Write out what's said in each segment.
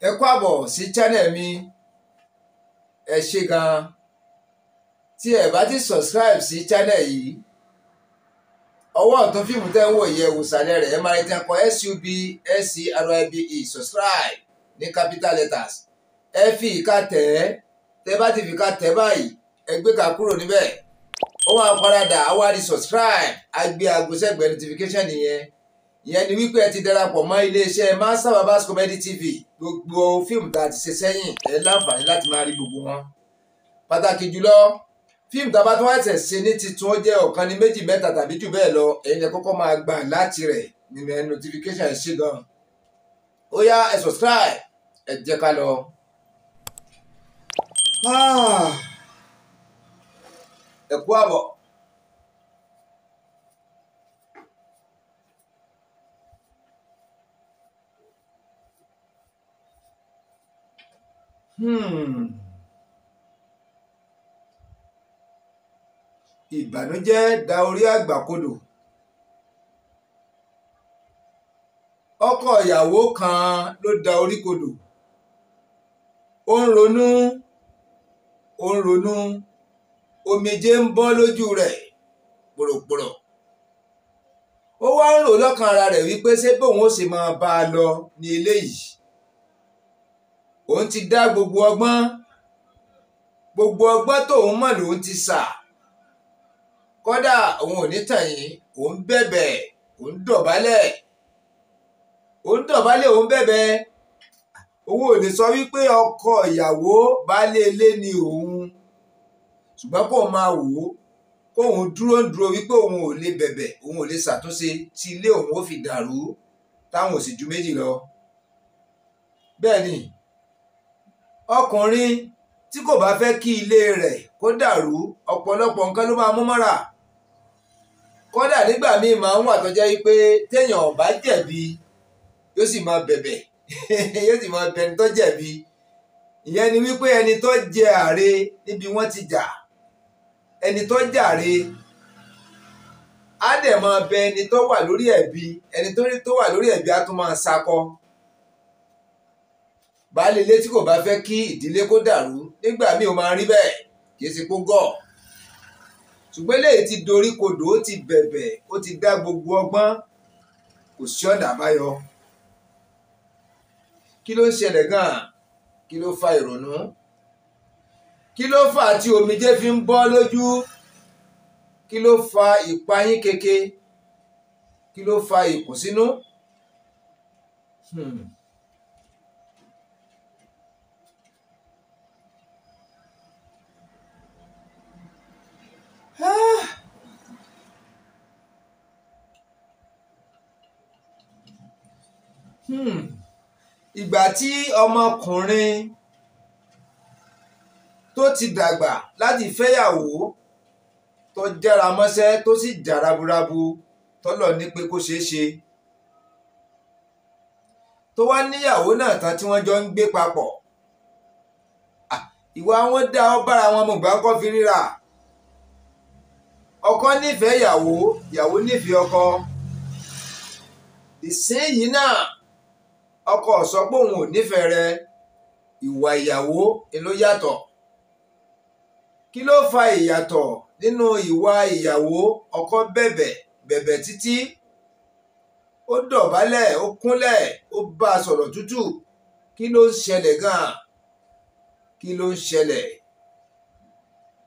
ẹ kú àbọ̀ sí channel mi ẹ ṣe gan-an tí ẹ bá ti subscribe sí channel yìí ọwọ́ ọ̀tún fíìmù tẹ́ ń wò yẹ ìwòsàlẹ̀ rẹ̀ ẹ máa tẹ́kọ̀ sub scribe subscribe ní capital letters ẹ fi ìka tẹ̀ ẹ́ tẹ́ bá ti fi ìka tẹ̀ báyìí ẹ gbé ka kúrò níbẹ̀ ó máa paradà á wá di subscribe á gbé aago sẹ́gbẹ̀ẹ́ notification nìyẹn ìyẹn ni wípé ẹ ti darapọ̀ mọ́ iléeṣẹ́ Master Babas Comedy TV gbogbo fíìmù tá a ti ṣe sẹ́yìn ẹ láǹfààní láti máa rí gbogbo wọn. pàtàkì jùlọ fíìmù tá a bá tún ẹ̀sẹ̀ ṣe ní titun ó jẹ́ ọ̀kan ní méjì mẹ́ta tàbí jù bẹ́ẹ̀ lọ ẹ̀yin ẹ kọ́kọ́ máa gbà láti rẹ̀ nìyẹn notification ẹ̀ ṣe gan-an. ó yá ẹ subscribe ẹ jẹ́ ká lọ. Ah! ẹ kú àbọ̀. Hmm. ìbànújẹ́ da orí àgbà kodò ọkọ ìyàwó kan ló da orí kodò ó ń ronú ó ń ronú omijé ń bọ́ lójú rẹ̀ pòròpòrò ó wá ń rò lọ́kàn ara rẹ̀ wípé ṣé bóun ó sì máa bá a lọ ní yìí. òun ti dá gbogbo ọgbọ́n gbogbo ọgbọ́n tóun mọ̀ lòun ti sà kódà òun ò ní tẹ̀yìn òun bẹ̀bẹ̀ òun dọ̀bálẹ̀ òun dọ̀bálẹ̀ òun bẹ̀bẹ̀ òun ò lè sọ wípé ọkọ ìyàwó baálé ilé ni òun ṣùgbọ́n kó máa wò ó kóun dúró ń dúró wípé òun ò lè bẹ̀bẹ̀ òun ò lè ṣàtúnṣe tí ilé òun ó fi dàrú táwọn ò sì ju méjì lọ bẹ́ẹ̀ ni ọkùnrin tí kò bá fẹ́ kí ilé rẹ̀ kó dàrú ọ̀pọ̀lọpọ̀ nǹkan ló máa mú mọ́ra kódà nígbà míì máa ń wà tó jẹ́ pé téèyàn ò bá jẹ̀bi yóò sì máa bẹ̀bẹ̀ yóò sì máa bẹni tó jẹ̀bi ìyẹn ni wípé ẹni tó jẹ àre níbi wọ́n ti jà ẹni tó jàre á dẹ̀ máa bẹ ẹni tó wà lórí ẹ̀bi ẹni tó wà lórí ẹ̀bi á tún máa sakọ baálé ilé tí kò bá fẹ́ kí ìdílé kó dàrú nígbà míì ó máa rí bẹ́ẹ̀ kì í ṣe kó gọ̀ ṣùgbọ́n eléyìí ti dorí kodò ó ti bẹ̀bẹ̀ ó ti dá gbogbo ọgbọ́n kò sí ọ̀nà àbáyọ kí ló ń ṣẹlẹ̀ gan-an kí ló fa ìrònú kí ló fà á omijé fi ń bọ́ lójú kí ló fa ìpayín keke kí ló fa ìkùnsínú. Hmm. Hmm. ìgbà tí ọmọkùnrin tó ti dàgbà láti fẹ́yàwó tó jára mọ́ṣẹ́ tó sì jà raburabu tọ́lọ̀ ní pé kó ṣeé ṣe tó wá níyàwó náà tán tí wọ́n jọ ń gbé papọ̀ ìwà wọn dá ọ bára wọn mọ̀ bá kọ́ fi ríra ọkọ nífẹ̀ẹ́ ìyàwó ìyàwó nífẹ̀ẹ́ ọkọ ìsinyìí náà ọkọ sọ pé òun ò nífẹ̀ẹ́ rẹ ìwà ìyàwó ló yàtọ̀ kí ló fa ìyàtọ̀ nínú ìwà ìyàwó ọkọ bẹ̀bẹ̀ bẹ̀bẹ̀ títí ó dọ̀bálẹ̀ ó kúnlẹ̀ ó bá a sọ̀rọ̀ tútù kí ló ń ṣẹlẹ̀ gan kí ló ń ṣẹlẹ̀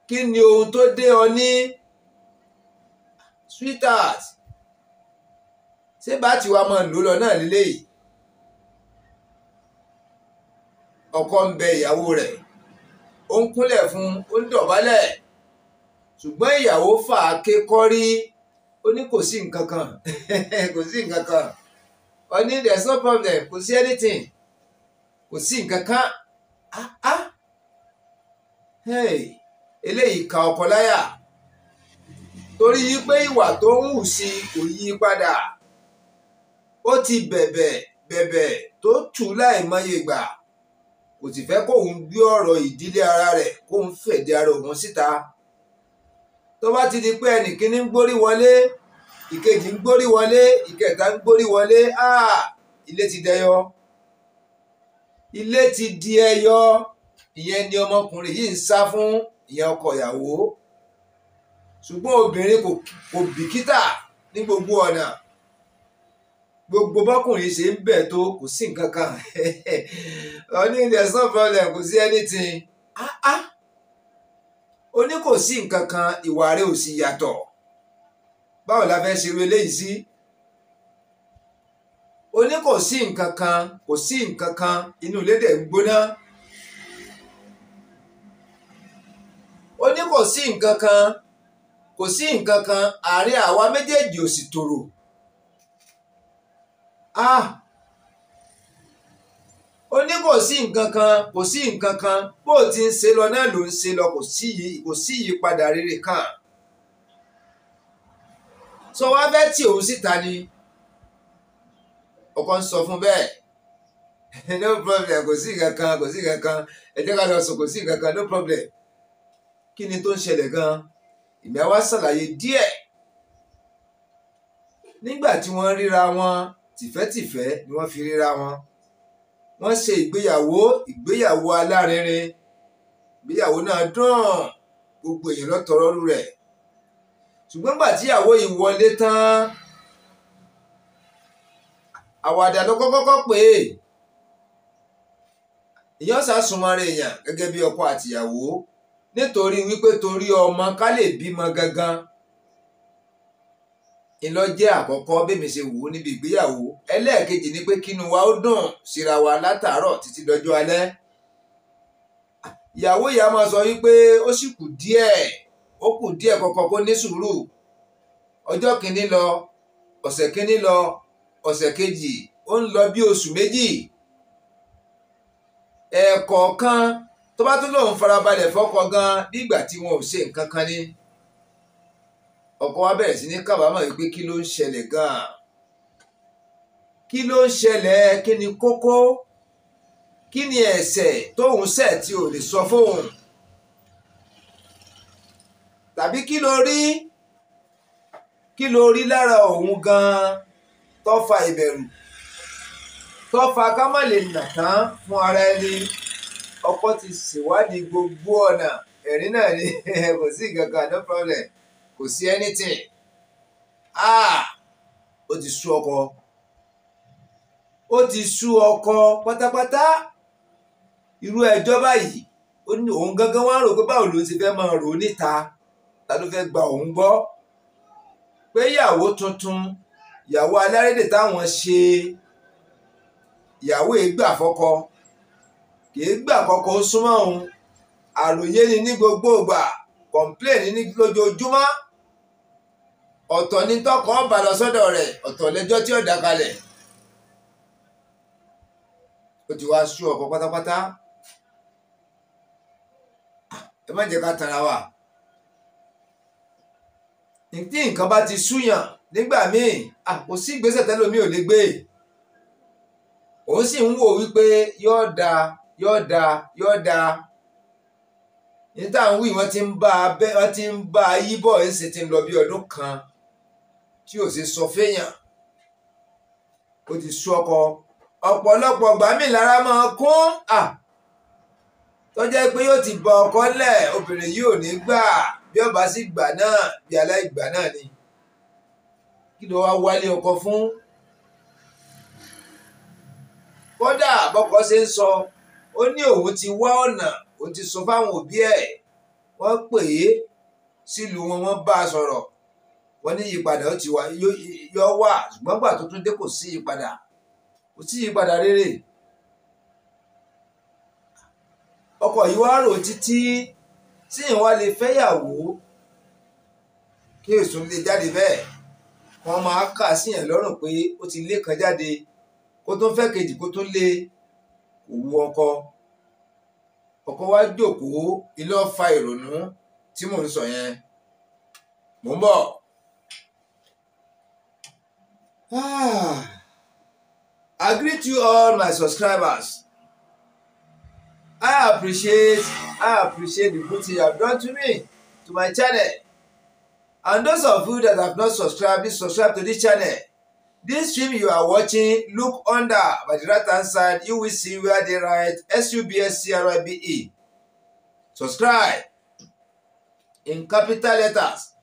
kí ni ohun tó dé ọ ní. Ni sweetheart ṣé bá ti wá máa lò lọ náà lílé yìí ọkọ ń bẹ ìyàwó rẹ̀ ó ń kúnlẹ̀ fún ó ń dọ̀bálẹ̀ ṣùgbọ́n ìyàwó fà á ké kọ́rí ó ní kò sí nǹkan kan kò sí nǹkan kan ó ní there's no problem kò sí anything kò sí nǹkan kan ah ah eléyìí ka ọkọ láyà. torí pé ìwà tó ń hù sí i kò yí padà ó ti bẹ̀bẹ̀ bẹ̀bẹ̀ tó tù láìmọye gbà kò sì fẹ́ kóun gbé ọ̀rọ̀ ìdílé ara rẹ̀ kóun fèdè ara òun síta tó bá ti di pé ẹnìkíní ń gbórí wọlé ìkejì ń gbórí wọlé ìkẹta ń gbórí wọlé áà ilé ti dẹyọ ilé ti di ẹyọ ìyẹn ni ọmọkùnrin yìí ń sá fún ìyẹn ọkọ ìyàwó ṣùgbọ́n obìnrin kò bìkítà ní gbogbo ọ̀nà gbogbo bọ́kùnrin ṣe ń bẹ̀ tó kò sí nǹkan kan ọní there's no problem kò sí anything ah ah oní kò sí nǹkan kan ìwà rẹ̀ ò sì yàtọ̀ báwo la fẹ́ ṣe eléyìí sí oní kò sí nǹkan kan kò sí nǹkan kan inú ilé dẹ̀ ń gbóná oní kò sí nǹkan kan. kò sí nǹkan kan àárín àwa méjèèjì ò sì tòrò. ah ó ní kò sí nǹkan kan kò sí nǹkan kan bó o ti ń ṣe lọ náà ló ń ṣe lọ kò sí yìí rere kan. sọ wá fẹ́ tí òun síta ni ọkọ ń sọ fún bẹ́ẹ̀ no problem kò sí nǹkan kan kò sí nǹkan kan ẹ ká lọ sùn kò sí nǹkan kan no problem kí ni tó ń ṣẹlẹ̀ gan-an ìgbà wa ṣàlàyé díẹ̀ nígbà tí wọ́n ríra wọn tìfẹ́tìfẹ́ ni wọ́n fi ríra wọn wọ́n ṣe ìgbéyàwó ìgbéyàwó alárinrin ìgbéyàwó náà dùn gbogbo èèyàn lọ́tọ̀ọ́rọ́rù rẹ̀ ṣùgbọ́n gbà tíyàwó yìí wọlé tán àwàdà ló kọ́kọ́kọ́ pé èèyàn sá súnmọ́ ara èèyàn gẹ́gẹ́ bí ọkọ àtìyàwó nítorí wípé torí ọmọ ká lè bímọ gangan ìlọjẹ́ àkọ́kọ́ bẹ́mi ṣe wò ó níbi ìgbéyàwó ẹlẹ́ẹ̀kejì ni pé kínú wa ó dùn síra wa titi títí ale. alẹ́ ìyàwó ìyá máa sọ wípé ó sì kù die ó kù díẹ̀ kọ́kọ́ kó ní sùúrù Ọjọ kìíní lọ ọ̀sẹ̀ kìíní lọ ọ̀sẹ̀ kejì ó ń lọ bí oṣù méjì ẹ̀ẹ̀kọ̀ọ̀kan. tó bá tún lòun farabalẹ̀ fọ́kọ gan nígbà tí wọn ò ṣe nǹkan kan ní. ọkọ wa bẹ̀rẹ̀ sí ní kábàámọ̀ wípé kí ló ń ṣẹlẹ̀ gan-an kí ló ń ṣẹlẹ̀ kí ni kókó kí ni ẹ̀ṣẹ̀ tóun ṣẹ̀ tí ò lè sọ fóun tàbí kí ló rí kí ló rí lára òun gan-an tó fa ìbẹ̀rù tó fa ká má lè nà tán fún ara ẹni ọkọ ti ṣèwádìí gbogbo ọ̀nà ẹ̀rín náà ni kò sí ìkankan no problem kò sí anything ah ó ti sú ọkọ ó ti sú ọkọ pátápátá irú ẹjọ́ báyìí ó ní òun gangan wá rò pé báwo ló ti fẹ́ máa rò níta ta ló fẹ́ gba òun gbọ́ pé ìyàwó tuntun ìyàwó alárédè táwọn ṣe ìyàwó ìgbà fọ́kọ kìí gbà kọ́kọ́ súnmọ́ òun àròyé ni ní gbogbo ìgbà kọ̀ǹpléènì ní lójoojúmọ́ ọ̀tọ̀ ni tọkọ̀ ọba lọ sọ́dọ̀ rẹ̀ ọ̀tọ̀ lẹ́jọ́ tí ó dàkalẹ̀ ó ti wá sú ọ̀pọ̀ pátápátá ẹ má jẹ́ ká tara wa tí nǹkan bá ti súyàn nígbà míì kò sí ìgbésẹ̀ tẹ́lómi ò lè gbé òun sì ń wò wípé yóò dáa yóò da yóò da níta ń wí wọ́n ti ń bá a bẹ́ wọ́n ti ń bá a yí bọ̀ ń ṣe ti ń lọ bí ọdún kan tí ò sì sọ fẹ́yàn ó ti sú ọkọ ọ̀pọ̀lọpọ̀ gbàmí lára máa kún à tó jẹ́ pé yóò ti bọ ọkọ lẹ̀ obìnrin yìí ò ní gbà bí ọba sì gbà náà bí aláìgbà náà ni kí ló wá wálé ọkọ fún kódà bọ́kọ ṣe ń sọ. So, ó ní òun ti wá ọ̀nà òun ti sọ fáwọn òbí ẹ̀ wọ́n pè é sílùú wọn wọ́n bá a sọ̀rọ̀ wọ́n ní ìyípadà ó ti wá yọ wà ṣùgbọ́n gbà tó tún dé kò sí ìyípadà kò sí ìyípadà rere ọkọ yìí wá rò títí tí ìwà lè fẹ́yàwó kí èso lè jáde bẹ́ẹ̀ wọ́n máa kà síyàn lọ́rùn pé ó ti lé kan jáde kó tó fẹ́ kejì kó tó lé òwú ọkọ ọkọ wa jókòó ilé ọ̀fà ìrònú tí mò ń sọ yẹn mò ń bọ̀. Ah, I greet you all my subscribers. I appreciate I appreciate the good thing you have done to me to my channel and those of you that have not subscribed please subscribe to this channel This stream you are watching, look under, by the right hand side, you will see where they write S-U-B-S-C-R-I-B-E. Subscribe in capital letters.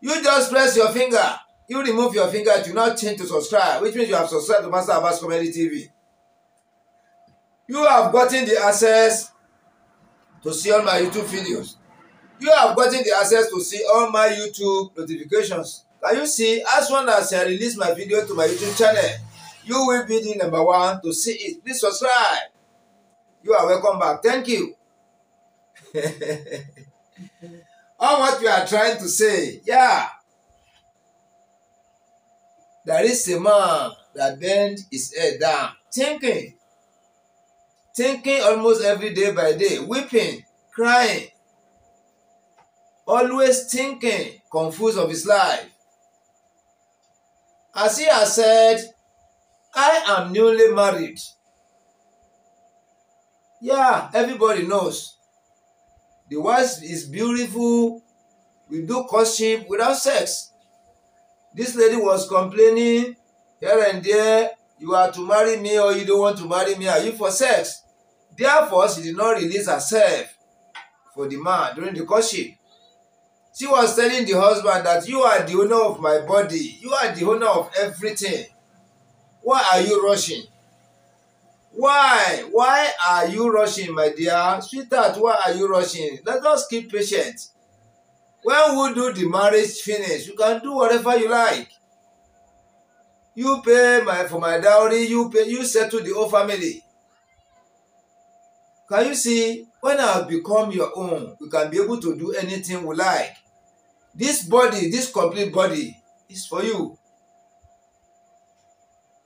You just press your finger. You remove your finger, do not change to subscribe, which means you have subscribed to Master Abbas Comedy TV. You have gotten the access to see all my YouTube videos. You have gotten the access to see all my YouTube notifications. Can you see? As soon as I release my video to my YouTube channel, you will be the number one to see it. Please subscribe. You are welcome back. Thank you. All what you are trying to say, yeah. There is a man that bent his head down, thinking, thinking almost every day by day, weeping, crying, always thinking, confused of his life. As he has said, I am newly married. Yeah, everybody knows. The wife is beautiful. We do courtship without sex. This lady was complaining here and there. You are to marry me or you don't want to marry me. Are you for sex? Therefore, she did not release herself for the man during the courtship. She was telling the husband that you are the owner of my body, you are the owner of everything. Why are you rushing? Why? Why are you rushing, my dear? Sweetheart, why are you rushing? Let us keep patient. When we do the marriage finish, you can do whatever you like. You pay my for my dowry, you pay, you settle the whole family. Can you see? When I become your own, we can be able to do anything we like. this body this complete body is for you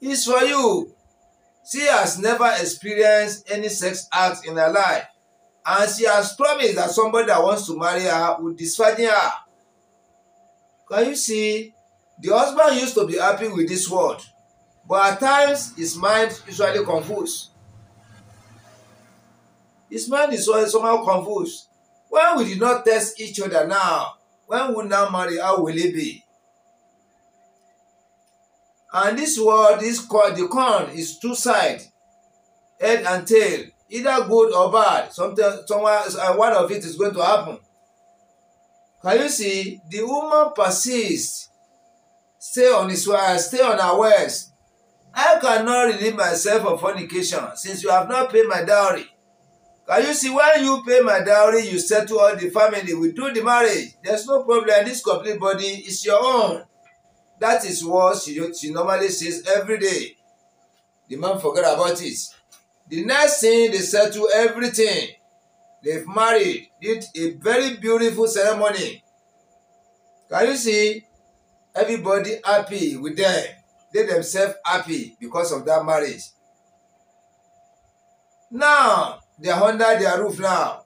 is for you she has never experienced any sex act in her life and she has promised that somebody that wants to marry her will disvirgin her can you see the husband used to be happy with this world but at times his mind usually confused his mind is somehow confused why we did not test each other now When will thou marry? How will it be? And this world, this coin, the coin is two sides, head and tail, either good or bad. Sometimes, someone, one of it is going to happen. Can you see? The woman persists, stay on his way, stay on her ways. I cannot relieve myself of fornication since you have not paid my dowry. Can you see when you pay my dowry, you settle all the family, we do the marriage. There's no problem. This complete body is your own. That is what she, she normally says every day. The man forget about it. The next thing, they settle everything. They've married, did a very beautiful ceremony. Can you see? Everybody happy with them. They themselves happy because of that marriage. Now, They are under their roof now.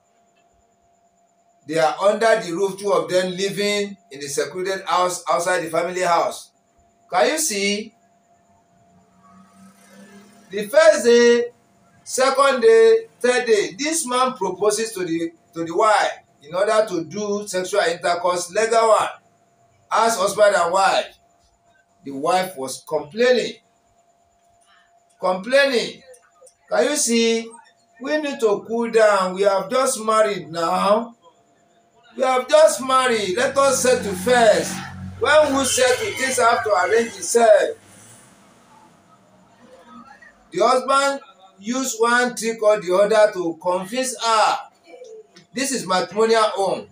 They are under the roof, two of them living in the secluded house outside the family house. Can you see? The first day, second day, third day, this man proposes to the to the wife in order to do sexual intercourse, legal one, as husband and wife. The wife was complaining. Complaining. Can you see? we need to cool down we have just married now we have just married let us settle first when we settle things have to arrange itself the husband use one trick or the other to convince her this is matrimonial home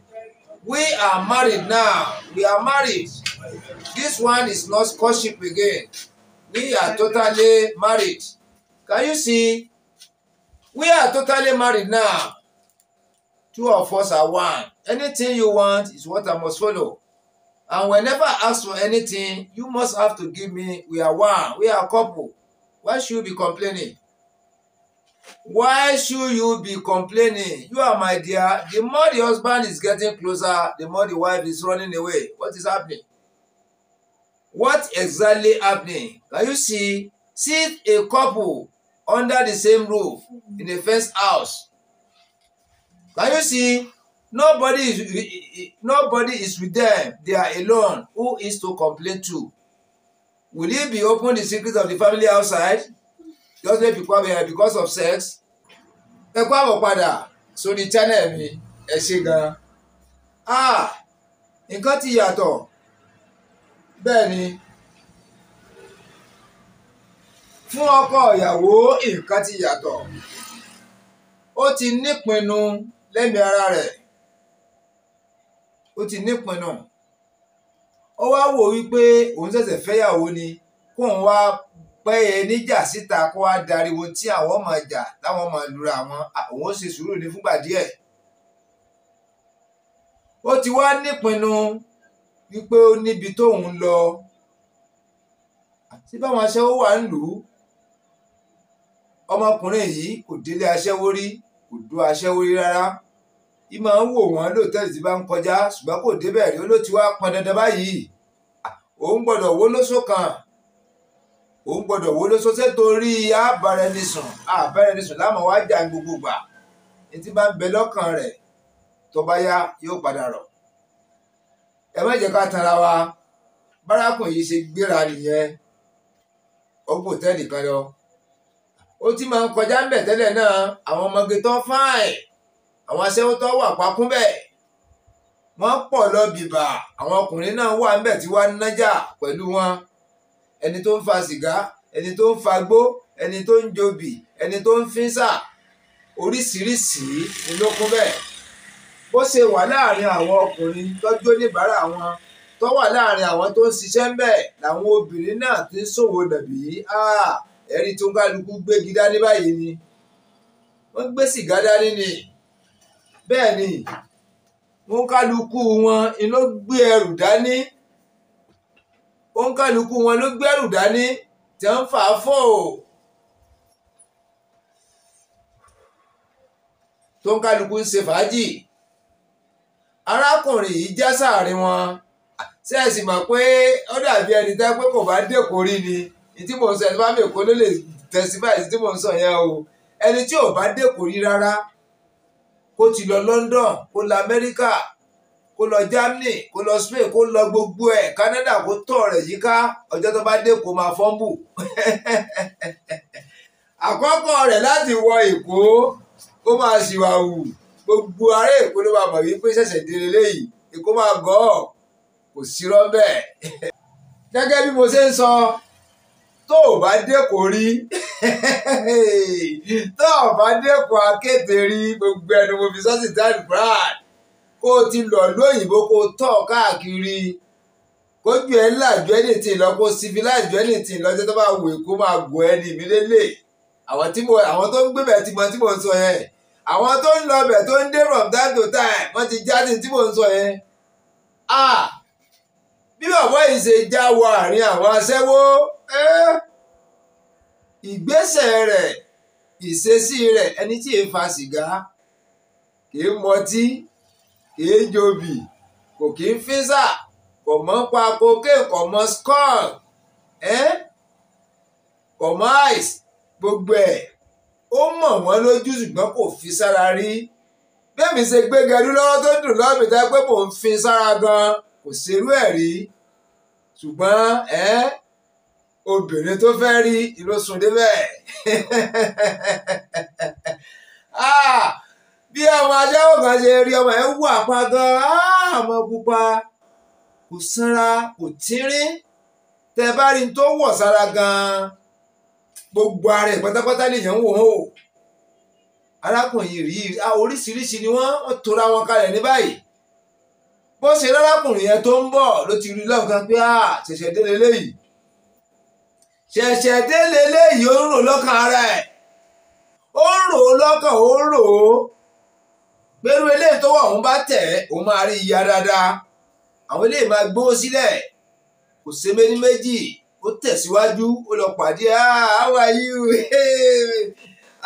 we are married now we are married this one is not courtship again we are totally married can you see We are totally married now. Two of us are one. Anything you want is what I must follow. And whenever I ask for anything, you must have to give me. We are one. We are a couple. Why should you be complaining? Why should you be complaining? You are my dear. The more the husband is getting closer, the more the wife is running away. What is happening? What exactly happening? Can you see? See a couple under the same roof in the first house. Can you see? Nobody is, nobody is with them. They are alone. Who is to complain to? Will he be open the secrets of the family outside? Just let people be because of sex. Ẹ kó àbọ̀ padà sórí channel me a ṣe Ah! in ti yato. Bẹ́ẹ̀ fún ọkọ ìyàwó nǹkan ti yàtọ̀ ó ti nípinnu lẹ́mìí ara rẹ̀ ó ti nípinnu ó wá wò wípé òun ṣẹ̀ṣẹ̀ fẹ́yàwó ni kó òun wá pẹ́ ẹ e níjà síta kó wá dariwo tí àwọn ọmọ ìjà táwọn ọmọ ìlúra àwọn àwọn ó ṣe sùúrù ní fúngbà díẹ̀ ó ti wá nípinnu wípé ó níbi tóun lọ sí aṣẹ́wó wà ń lù ú ọmọkùnrin yìí kò délé aṣẹ́wó rí kò dó aṣẹ́wó rí rárá yìí máa ń wò wọ́n lóòótọ́ tí bá ń kọjá ṣùgbọ́n kò débẹ̀ rí ó ló ti wá pọn dandan báyìí òun gbọ́dọ̀ wó lóṣó kan òun gbọ́dọ̀ wó lóṣó ṣé torí àbárẹnisùn àbárẹnisùn láwọn wá jà ní gbogbo gbà ní bá ń bẹ lọ́kàn rẹ̀ tó bá yóò padà rọ̀ ẹ má jẹ́ ká tanra wa bárakùn yìí ṣe gbéra nìyẹn ó gbòtẹ́ẹ̀lì kan lọ ó ti máa ń kọjá ńbẹ̀ tẹ́lẹ̀ náà àwọn ọmọge tó fáìn àwọn aṣẹ́wó tó wà pákún bẹ̀ wọ́n pọ̀ lọ bìbà àwọn ọkùnrin náà wà ńbẹ̀ tí wàá nájà pẹ̀lú wọn ẹni tó ń fa sìgá ẹni tó ń fagbó ẹni tó ń jobì ẹni tó ń fínsà oríṣiríṣi ló kún bẹ́ẹ̀ bó ṣe wà láàrin àwọn ọkùnrin tọ́jú oníbàárà wọn tó wà láàrin àwọn tó ń ṣiṣẹ́ ńbẹ̀ làwọn obìnrin náà ti ń ṣòwò dàbí ah! ẹ̀rí tó ń kálukú gbégi dání báyìí ni wọ́n gbé sìgá dání ni bẹ́ẹ̀ ni wọ́n kálukú wọn ló gbé ẹrù dání wọ́n kálukú wọn ló gbé ẹrù dání tẹ̀ ń fà á fọ́ o. tó ń kálukú ń ṣe fàájì arákùnrin yìí já sáàrin wọn ṣe é sì mọ̀ pé ó dàbí ẹni tẹ́ pé kò bá dẹ́kun rí ni ìtí mò ń sọ ẹni bá mi èkó ló lè testify ìtí mò ń sọ yẹn o ẹni tí ò bá dé kò rí rárá kó ti lọ London kó lọ Amẹ́ríkà kó lọ Germany kó lọ Spain kó lọ gbogbo ẹ̀ Canada kó tọ̀ rẹ̀ yíká ọjọ́ tó bá dé kó máa fọ́nbù àkọ́kọ́ rẹ̀ láti wọ Èkó kó máa ṣìwàwù gbogbo ará Èkó ló máa mọ̀ wípé ṣẹ̀ṣẹ̀ dé lélẹ́yìí Èkó máa gọ́ ọ̀ kò sí rọ́bẹ̀. gẹ́gẹ́ bí mo ṣe ń sọ tó o bá dẹ́kun rí tó o bá dẹ́kun akéde rí gbogbo ẹnu mo fi sọ́sì dáàdì brad kó o ti lọ lóyìnbó kó o tọ̀ káàkiri kójú ẹ láàjọ ẹni tí ì lọ kó civilize ẹni tí ì lọ jẹ tó bá wù kó máa gùn ẹni mi lélẹ̀ àwọn tí mo àwọn tó ń gbé bẹ́ẹ̀ tí mo tí mo sọ yẹn àwọn tó ń lọ bẹ́ẹ̀ tó ń dé from time to time wọ́n ti jáde tí mo sọ yẹn ah bí bàbá yìí ṣe já wọ àárín àwọn aṣẹ́wó ìgbésẹ̀ rẹ̀ ìṣesí rẹ̀ ẹni tí èé fa sìgá kìí mọtí kìí jòbì kò kìí físà kò mọ̀ pa cocaine kò mọ̀ skull kò mọ̀ ice gbogbo ẹ̀ ó mọ̀ wọ́n lójú ṣùgbọ́n kò fi sára rí bẹ́ẹ̀ mi ṣe gbé gẹdú lọ́wọ́ tó dùn lọ́ọ̀mì tá pé mò ń fi sára gan-an kò serú ẹ̀ rí ṣùgbọ́n ẹ́ obìnrin tó fẹ́ rí ló sùn débẹ̀ ah, bí ọmọ ajáwó kan ṣe rí ọmọ ẹ̀ wù àpá gan ah, ọmọ pupa kò sanra kò tínrín tẹ bá rí n tó wọ̀ sára gan gbogbo ara ẹ̀ pátápátá lèèyàn ń wò ó arákùnrin yìí ah, oríṣiríṣi ni wọ́n tora wọn kalẹ̀ ní báyìí bó ṣe rárákùnrin yẹn tó ń bọ̀ ló ti rí lọ́kàn pé à ṣẹ̀ṣẹ̀ délé léyìí ṣẹ̀ṣẹ̀ délé léyìí ó ń rò lọ́kàn ara ẹ̀ ó ń rò ó lọ́kàn ó ń rò ó pẹ̀lú eléyìí tó wà òun bá tẹ̀ òun máa rí ìyá dáadáa àwọn eléyìí máa gbówó sílẹ̀ kò ṣe méjì méjì ó tẹ̀síwájú ó lọ pàdé ah how are you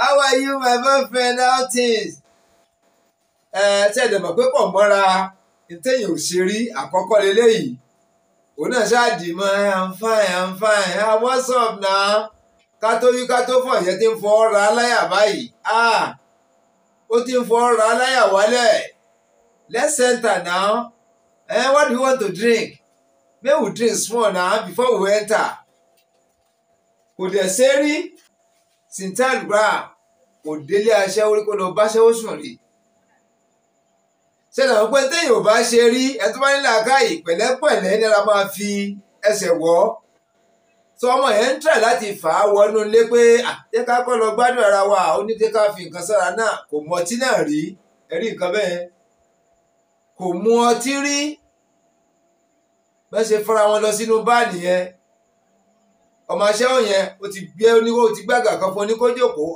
how are you my boyfriend how things ẹ̀ ṣẹ̀dẹ̀ mọ̀ pé pọ̀ mọ́ra ntẹ̀yìn ò ṣe rí àkọ́kọ́ leléyìí òun náà ṣáàdì mọ́ i'm fine i'm fine ah what's up na ká tó wí ká tó fọ̀ yẹn ti ń fọ́ ra láyà báyìí ah ó ti ń fọ́ ra láyà wálẹ̀ let's enter now eh, what do you want to drink May we drink small now before we enter kò dẹ̀ ṣe rí sintal gram kò délé aṣẹ́wó kó lọ báṣẹ́wó sùn rí ṣẹlẹ̀ wọ́n pé téèyàn ò bá ṣe rí ẹtú bá nílẹ̀ àkáyì pẹ̀lẹ́pẹ̀lẹ́ ní ara máa fi ẹsẹ̀ wọ́ tó ọmọ yẹn ń tẹ̀ láti fà á wọnú ilé pé jẹ́ ká kọ́ lọ gbádùn ara wa ó ní ká fi nǹkan sára náà kò mu ọtí náà rí ẹ̀rí nǹkan bẹ́ẹ̀ kò mu ọtí rí bẹ́ẹ̀ ṣe fara wọn lọ sínú báàlì yẹn ọmọ aṣẹ́wọ̀n yẹn ó ti gbé oníkó ó ti gbàgà kan fún oníkó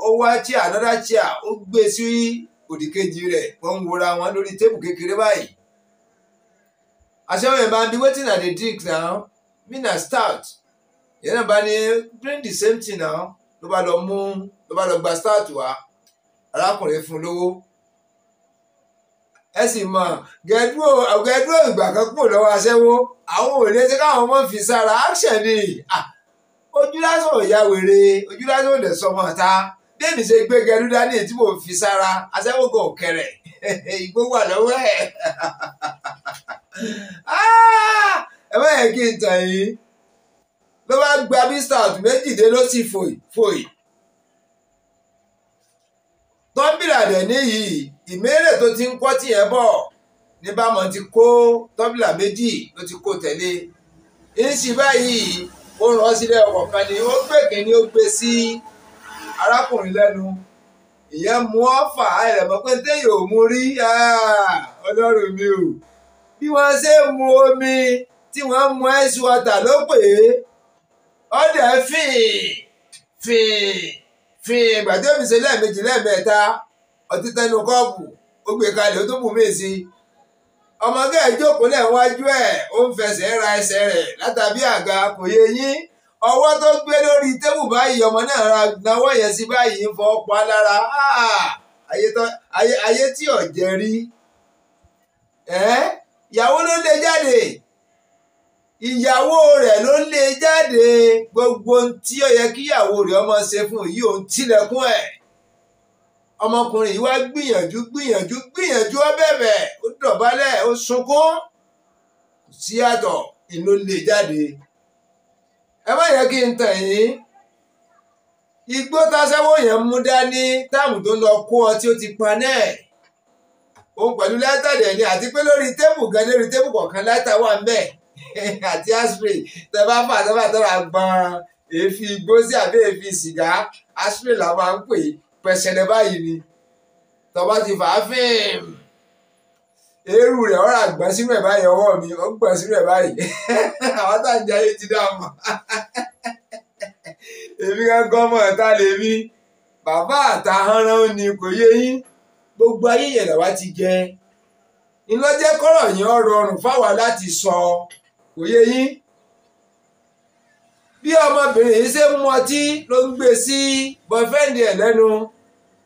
ó wá chíà nọ́dá chíà ó gbé sí òdìkejì rẹ̀ wọ́n ń wora wọn lórí tébù kékeré báyìí. aṣọ́wọ̀n bá ń wetin i dey drink now me na start. ìyẹn náà bá ní bring the same thing now ló bá lọ mú ló bá lọ gba stout wá arákùnrin fún lówó ẹ sì mọ gẹdúró gẹdúró ìgbà kan kúrò lọ́wọ́ aṣẹ́wó àwọn ò retí káwọn ọmọ fi sára action ni ojú lásán ò ya wèrè ojú lásán ò dẹ̀ sọmọ ta déèmì ṣe gbé gẹdú dání tí mò ń fi sára aṣẹ́wógò kẹrẹ̀ ìgbó wà lọ́wọ́ ẹ̀ ah! ẹ bá yẹ kí n tàn yín ló bá gba mr out méjìdínlọ́sì fòyì fòyì tọ́bìlà dẹ̀ níyì ìmẹ́rẹ̀ tó ti ń kọ́ tìyẹn bọ̀ ní bámọ̀ ti kó tọ́bìlà méjì ló ti kó tẹ̀lé ń sì báyìí ó rán sílẹ̀ ọkọ̀ kan ni ó gbèké ni ó gbé sí. Si arákùnrin lẹ́nu ìyẹn mú ọ́ fà á rẹ̀ mọ́ pé téèyàn ò rí mi ò bí wọ́n ṣe mu omi tí wọ́n mu ice water ló pè é ọ̀dẹ̀ fìn fìn fìn ìgbà tí omi ṣe lẹ́ẹ̀mejì lẹ́ẹ̀mẹ́ta ọtí tẹnu kọ́ọ̀pù ó gbé kalẹ̀ ó tó bù mí sí ra ẹsẹ̀ rẹ̀ látàbí àga kò ọwọ́ tó gbé lórí tébù báyìí ọmọ náà ra náwó yẹn sí báyìí ń fọ́ pa lára ah! ayé tí ọ̀jẹ̀ rí ìyàwó ló lé jáde ìyàwó rẹ̀ ló lé jáde gbogbo ohun tí ó yẹ kí ìyàwó rẹ̀ ọmọ ṣe fún yìí òun tilẹ̀kùn ẹ̀ ọmọkùnrin yìí wá gbìyànjú gbìyànjú gbìyànjú ó bẹ̀bẹ̀ ó dọ̀bálẹ̀ ó sunkún síyàtọ̀ ìlú lé jáde ẹ má yẹ kí n tàn yín igbó táṣẹ́wó yẹn mú dání táàmù tó lọ kó ọ tí ó ti pa náà òun pẹ̀lú láìta dẹ̀ ni àti pé lórí tébù gan lórí tébù kọ̀ọ̀kan láìta wà ń bẹ̀ àti aspirin tẹ bá fà tẹ bá tọ́ra gbọ́n èéfì igbó sí àbí èéfì sìgá aspirin la máa ń pè pẹ̀sẹ̀lẹ̀ báyìí ni tọ́ba ti fà á fíìmù. eru rẹ̀ ọrụ àgbọ̀n sínú ẹ̀ mi ó gbọ̀n sínú ẹ̀ báyìí àwọn tá à ń jẹ ayé ti dáàmú èmi kankan mọ̀ ta lè mi bàbá ni kò yé yín gbogbo ayé yẹn làwa ti jẹ ńlọ́jẹ́ kọ́rọ̀ yẹn rọrùn fáwa láti sọ kò yé yín bí ọmọbìnrin yìí ṣe ń mu ọtí ló ń gbé sí ẹ̀ lẹ́nu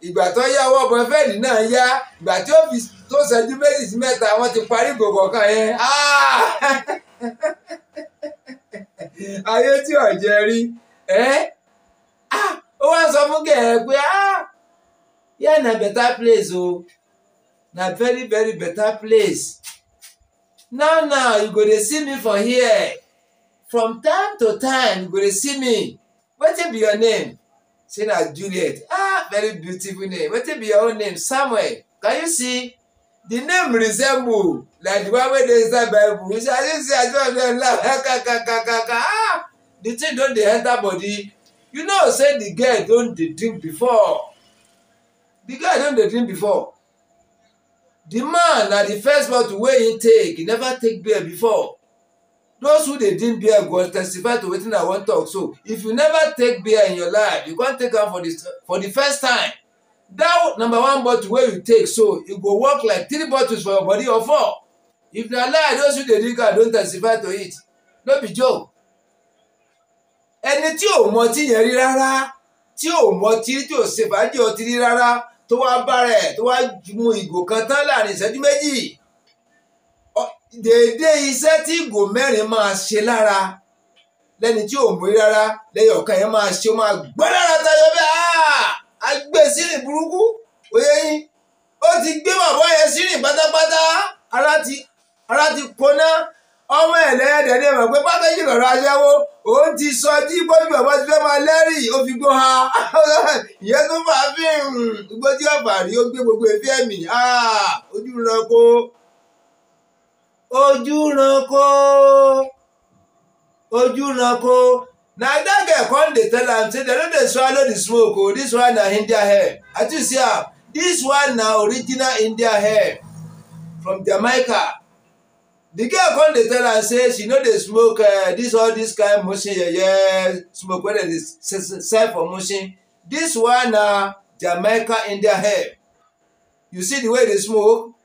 ìgbà tó tó ṣẹ́jú méjì sí mẹ́ta wọ́n ti parí ìgòkò kan yẹn ah! ayé tí ọ̀jẹ̀ rí ah! ó wá sọ fún gẹ̀ẹ́ pé ah! yẹ́ na better place o na very very better place now now you go dey see me for here from time to time you go dey see me wetin be your name say na Juliet ah very beautiful name wetin be your own name Samuel can you see the name resemble like the one wey dey inside bible you see as you see as well well laugh kakakakaka ah the thing don dey enter body you know say the girl don dey drink before the girl don dey drink before the man na the first bottle wey he take he never take beer before those who dey drink beer go testify to wetin i wan talk so if you never take beer in your life you come take am for the for the first time that number one bottle wey you take so e go work like three bottles for your body or four if na lie those who dey drink am don testify to it no be joke ẹni tí ò mọtí yẹn rí rárá tí ò mọtí tí ò ṣe fàájì ọtí rí rárá tó wá bára ẹ tó wá mu ìgò kan tán láàrin ìṣẹ́jú méjì déédéé iṣẹ́ tí ìgò mẹ́rin máa ṣe lára lẹ́ni tí ò mú rí rárá lẹ́yìn ọ̀kan yẹn máa ṣe ó máa gbọ́ lára tayọ bẹ́ẹ̀ áá. Ah! agbésírìn burúkú òye yín ó ti gbé bàbá yẹn sírìn pátápátá ara ti ara ti kóná ọmọ ẹlẹ́dẹ̀ ni ẹ̀mọ̀ pé pákéjì lọ́rọ̀ aṣẹ́wó òun ti sọ jí bójú bàbá ti fẹ́ máa lẹ́rì ó ha ìyẹn tó fà fi gbó tí ọ̀fà rí ó gbé gbogbo ẹ̀fí ẹ̀mí ojú ranko ojú ranko ojú ranko na dat girl come dey tell am say dem no dey swallow the smoke o oh, this one na india hair i too see ah, This one na original india hair from jamaica the girl come dey tell am say she no dey smoke uh, this all this kind motion yeye smoke wey dem dey sell for motion this one na jamaica india hair you see the way they smoke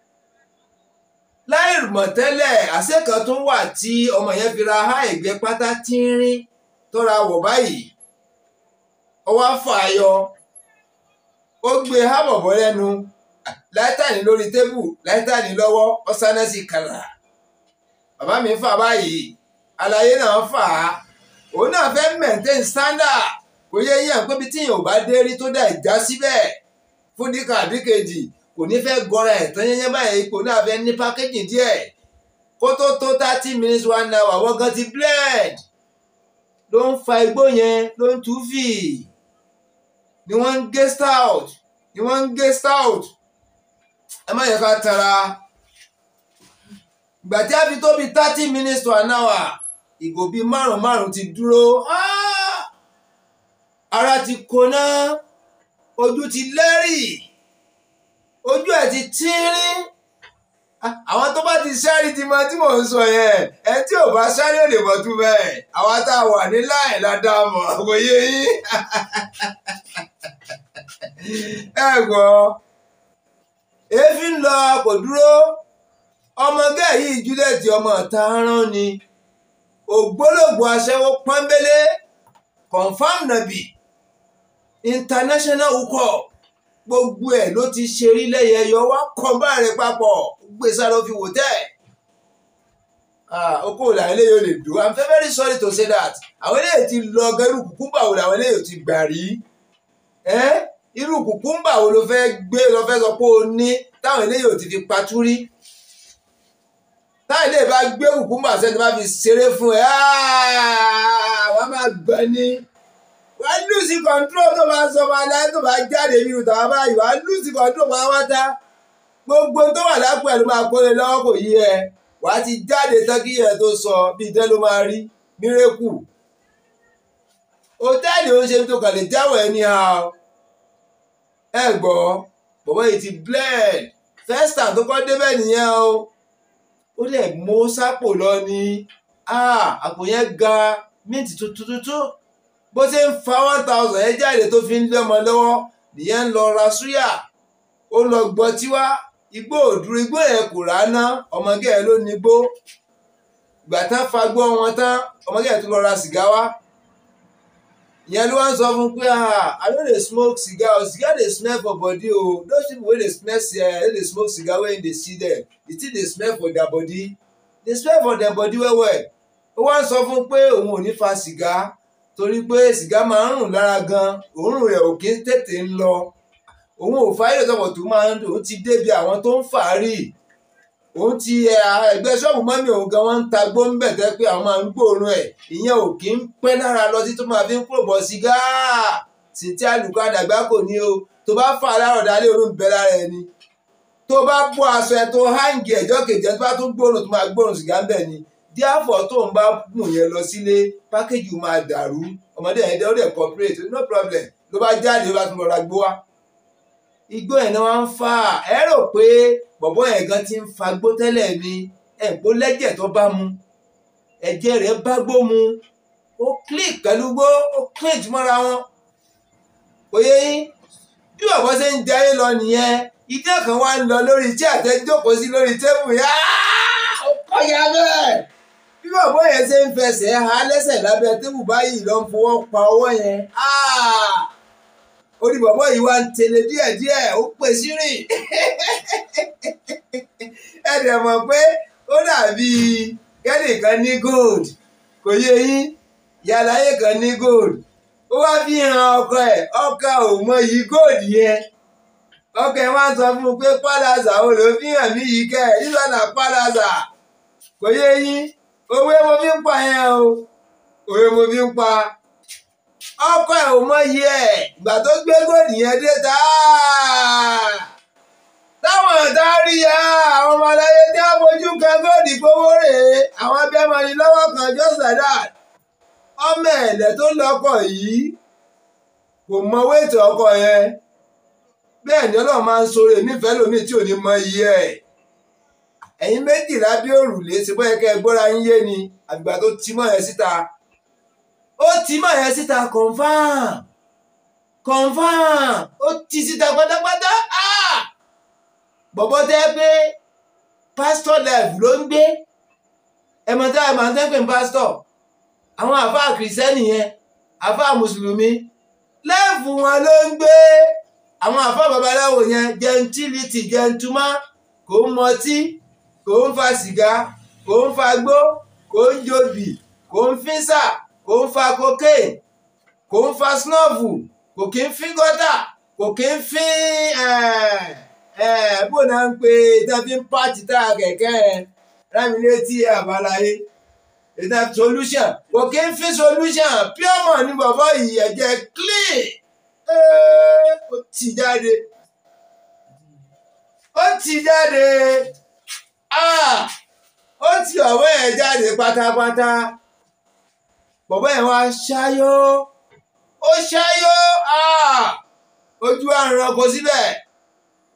láì mọ̀ tẹ́lẹ̀ àṣẹ kan tún wà tí ọmọ yẹn fi ra há ìgbẹ́ pátá tínrín tó ra wọ̀ báyìí ó wá ayọ. o ó gbé hábọ̀bọ̀ lẹ́nu láìtàní lórí tébù láìtàní lọ́wọ́ ó sáná bàbá mi fà báyìí àlàyé náà fà á òun náà fẹ́ maintain standard kò yẹ yíyan pé bí tíyàn ò bá dé rí tó dá ìjà síbẹ̀ kò ní fẹ́ gọra báyìí ipò náà fẹ́ thirty minutes one hour wọ́n gan ti blend ló ń fa igbó yẹn ló ń tú fì ni wọ́n ń gé stout ni wọ́n ń gé stout ẹ má yẹ ká tara ìgbà tí a fi tó bíi thirty minutes to an hour ìgò bíi márùn márùn ti dúró ah! ara ti kóná ojú ti lẹ́rì ojú ẹ̀ ti tínrín àwọn tó bá ti sáré ti mọ tí mò ń sọ yẹn ẹ tí ò bá sáré ò lè bọ́ tú bẹ́ẹ̀ àwa tá a wà ní láì ládà mọ̀ kò yé yín ẹ gbọ́ èéfín ń lọ kò dúró ọmọge yìí júlẹ̀tì ọmọ ọ̀tá rán ni ògbólógbò aṣẹ́wó pọ́nbélé confam nàbì international ukọ̀ gbogbo ẹ̀ ló ti ṣe rí lẹ́yẹyọ wá kọ́ bá rẹ̀ papọ̀ gbé sára ó wò tẹ́ ẹ̀ okòwò ah, làwọn eléyìí ò lè dùn i'm very sorry to say that àwọn eléyìí ti lọ gẹrù kùkúmbà wo làwọn eléyìí ti gbà rí irú kùkúmbà wo ló fẹ́ gbé lọ fẹ́ sọ pé o ní táwọn eléyìí ò ti fi patú rí táwọn eléyìí bá gbé kùkúmbà sẹ́ni bá fi ṣeré fún ẹ ah, wọ́n máa gbẹ ní wọ́n lùsì kọ̀ńtró tó máa sọ máa láyé tó máa jáde nínú tàwọn báyìí wọ́n lùsì kọ̀ńtró máa wá ta gbogbo tó wà lápò ẹ̀ ló máa kólé lọ́wọ́ kò yí ẹ wàá ti jáde tán kí ẹ tó sọ bí ìdán ló máa rí mírèkù hòtẹ́ẹ̀lì ó ń ṣe tó kàn lè jáwọ̀ ẹ ní ha ẹ gbọ́ bọ̀bọ̀ yìí ti blend first time tó kọ́ débẹ̀ nìyẹn o ó dẹ̀ mú sápò lọ ni àpò yẹn ga mint tuntun bó ṣe ń fa one thousand yẹn jáde tó fi ń lé ọmọ lọ́wọ́ nìyẹn ń lọ ra súyà ó lọ gbọ́ tiwa igbó òdúró igbó yẹn kò ráná ọmọge yẹn ló nígbó ìgbà tán fagbó wọn tán ọmọge yẹn tó lọ ra sìgá wá ìyẹn ló wá ń sọ fún pé ah, i no dey smoke cigar o cigar dey smell for body o those people wey dey smell cigar eh, no dey smoke cigar wey dey see them the thing dey smell for their body dey smell for their body well well ó wá ń sọ fún pé òun ò ní fa sìgá torí pé sìgá máa ń rùn lára gan òórùn rẹ̀ ò kí ń tètè ń lọ òun ò fa ilé tọkọ̀ tó máa ń dùn òun ti débi àwọn tó ń fà á rí òun ti ẹgbẹ́ ṣọ́ọ̀bù mọ́mí òun gan wọ́n ń ta gbóńbẹ̀ tẹ́ pé àwọn máa ń gbóòórùn ẹ̀ ìyẹn ò kí ń pẹ́ lára lọ sí tó máa fi ń pò bọ̀ sìgá sì tí àlùkò àdàgbà kò ní o tó bá fà á láàrọ̀ dálé orun bẹ lára ẹni tó bá bọ́ aṣọ ẹ tó háǹgì ẹ̀jọ́ kejì ẹ bá tún gbóòórùn tó máa gbóòórùn sìgá ń bẹ̀ ni díàfọ̀ tó ń bá mú yẹn lọ sílé pákéjì máa dàrú ọmọdé yẹn dẹ́ ó dẹ̀ cooperate no problem ló bá jáde ó bá tún lọ ra igbó yẹn ni wọ́n ń fà ẹ rò pé bọ̀bọ́ yẹn gan ti ń fagbó tẹ́lẹ̀ ni ẹ̀gbó lẹ́jẹ̀ tó bá mu ẹ̀jẹ̀ rẹ̀ bá gbó mu ó click pẹ̀lú gbó ó click mọ́ra wọn òye yín bí bọ̀bọ́ ṣe ń darí lọ nìyẹn ìdí kan wá ń lọ lórí tí àtẹ́jókòó sí lórí tébù yá ó kọ́ya bẹ́ẹ̀ bí bọ̀bọ́ yẹn ṣe ń fẹsẹ̀ ha lẹ́sẹ̀ lábẹ́ tébù báyìí ló fọwọ́ pa ọwọ́ yẹn ó ní bàbá yìí wá ń tẹ̀lé díẹ̀díẹ̀ ó pè sí rìn ẹ dẹ̀ mọ̀ pé ó dàbí kẹ́nìkan ní gold kò yé yín yàláyé kan ní gold ó wá fi hàn ọkọ ẹ̀ ọkọ ò mọ yìí gold yẹn ọkọ ẹ̀ wá sọ fún un pé palaza ò ló fi hàn mí yìí kẹ́ ẹ̀ nígbà náà palaza kò yé yín òwe mo fi ń pa yẹn o òwe mo fi ń pa. ọkọ ẹ̀ ò mọyì ẹ̀ ìgbà tó gbé góòlù yẹn dé ta táwọn ọ̀tá rí ya àwọn ọmọláyé tí a fojú kan àwọn tó lọ́kọ̀ yìí kò mọ wéètì ọkọ yẹn bẹ́ẹ̀ ni ọlọ́run máa ń sọ̀rọ̀ nífẹ̀ẹ́ tí ò ní mọ ẹ̀ ẹ̀yin méjìlá bí òrùlé ti bọ́ yẹ kẹ́ ẹ ni àgbà tó ti mọ́ yẹn síta ó ti mọ̀ yẹn síta confam confam ó ti síta pátápátá ah! bọ̀bọ̀ tẹ́ pé pastor life ló ń gbé ẹ̀mọ̀ tá a máa tẹ́ pé pastor àwọn àfáà kìrìsẹ́nì yẹn àfáà mùsùlùmí lẹ́ẹ̀fù wọn ló ń gbé àwọn àfáà babaláwo yẹn gentility gentuma kò ń mọtí kò ń fa sìgá kò ń fa gbó kò ń jobì kò ń fínsà kò ń fa cocaine kò ń fa snuff kò kí ń fín gọ́tà kò kí ń fín eh, eh, bó na ń pe tàbí pàtì tá a kẹ̀kẹ́ rámilétí àbáláyé ìdá solution kò kí ń fín solution pure money ní bàbá yìí ẹ̀jẹ̀ clean eh, ó ti jáde ó ti jáde ah, ó ti ọ̀wọ́ ẹ̀ jáde pátápátá bọ̀bọ́ ẹ̀ wá ṣáyó ó ṣáyó ojú àrùn kò síbẹ̀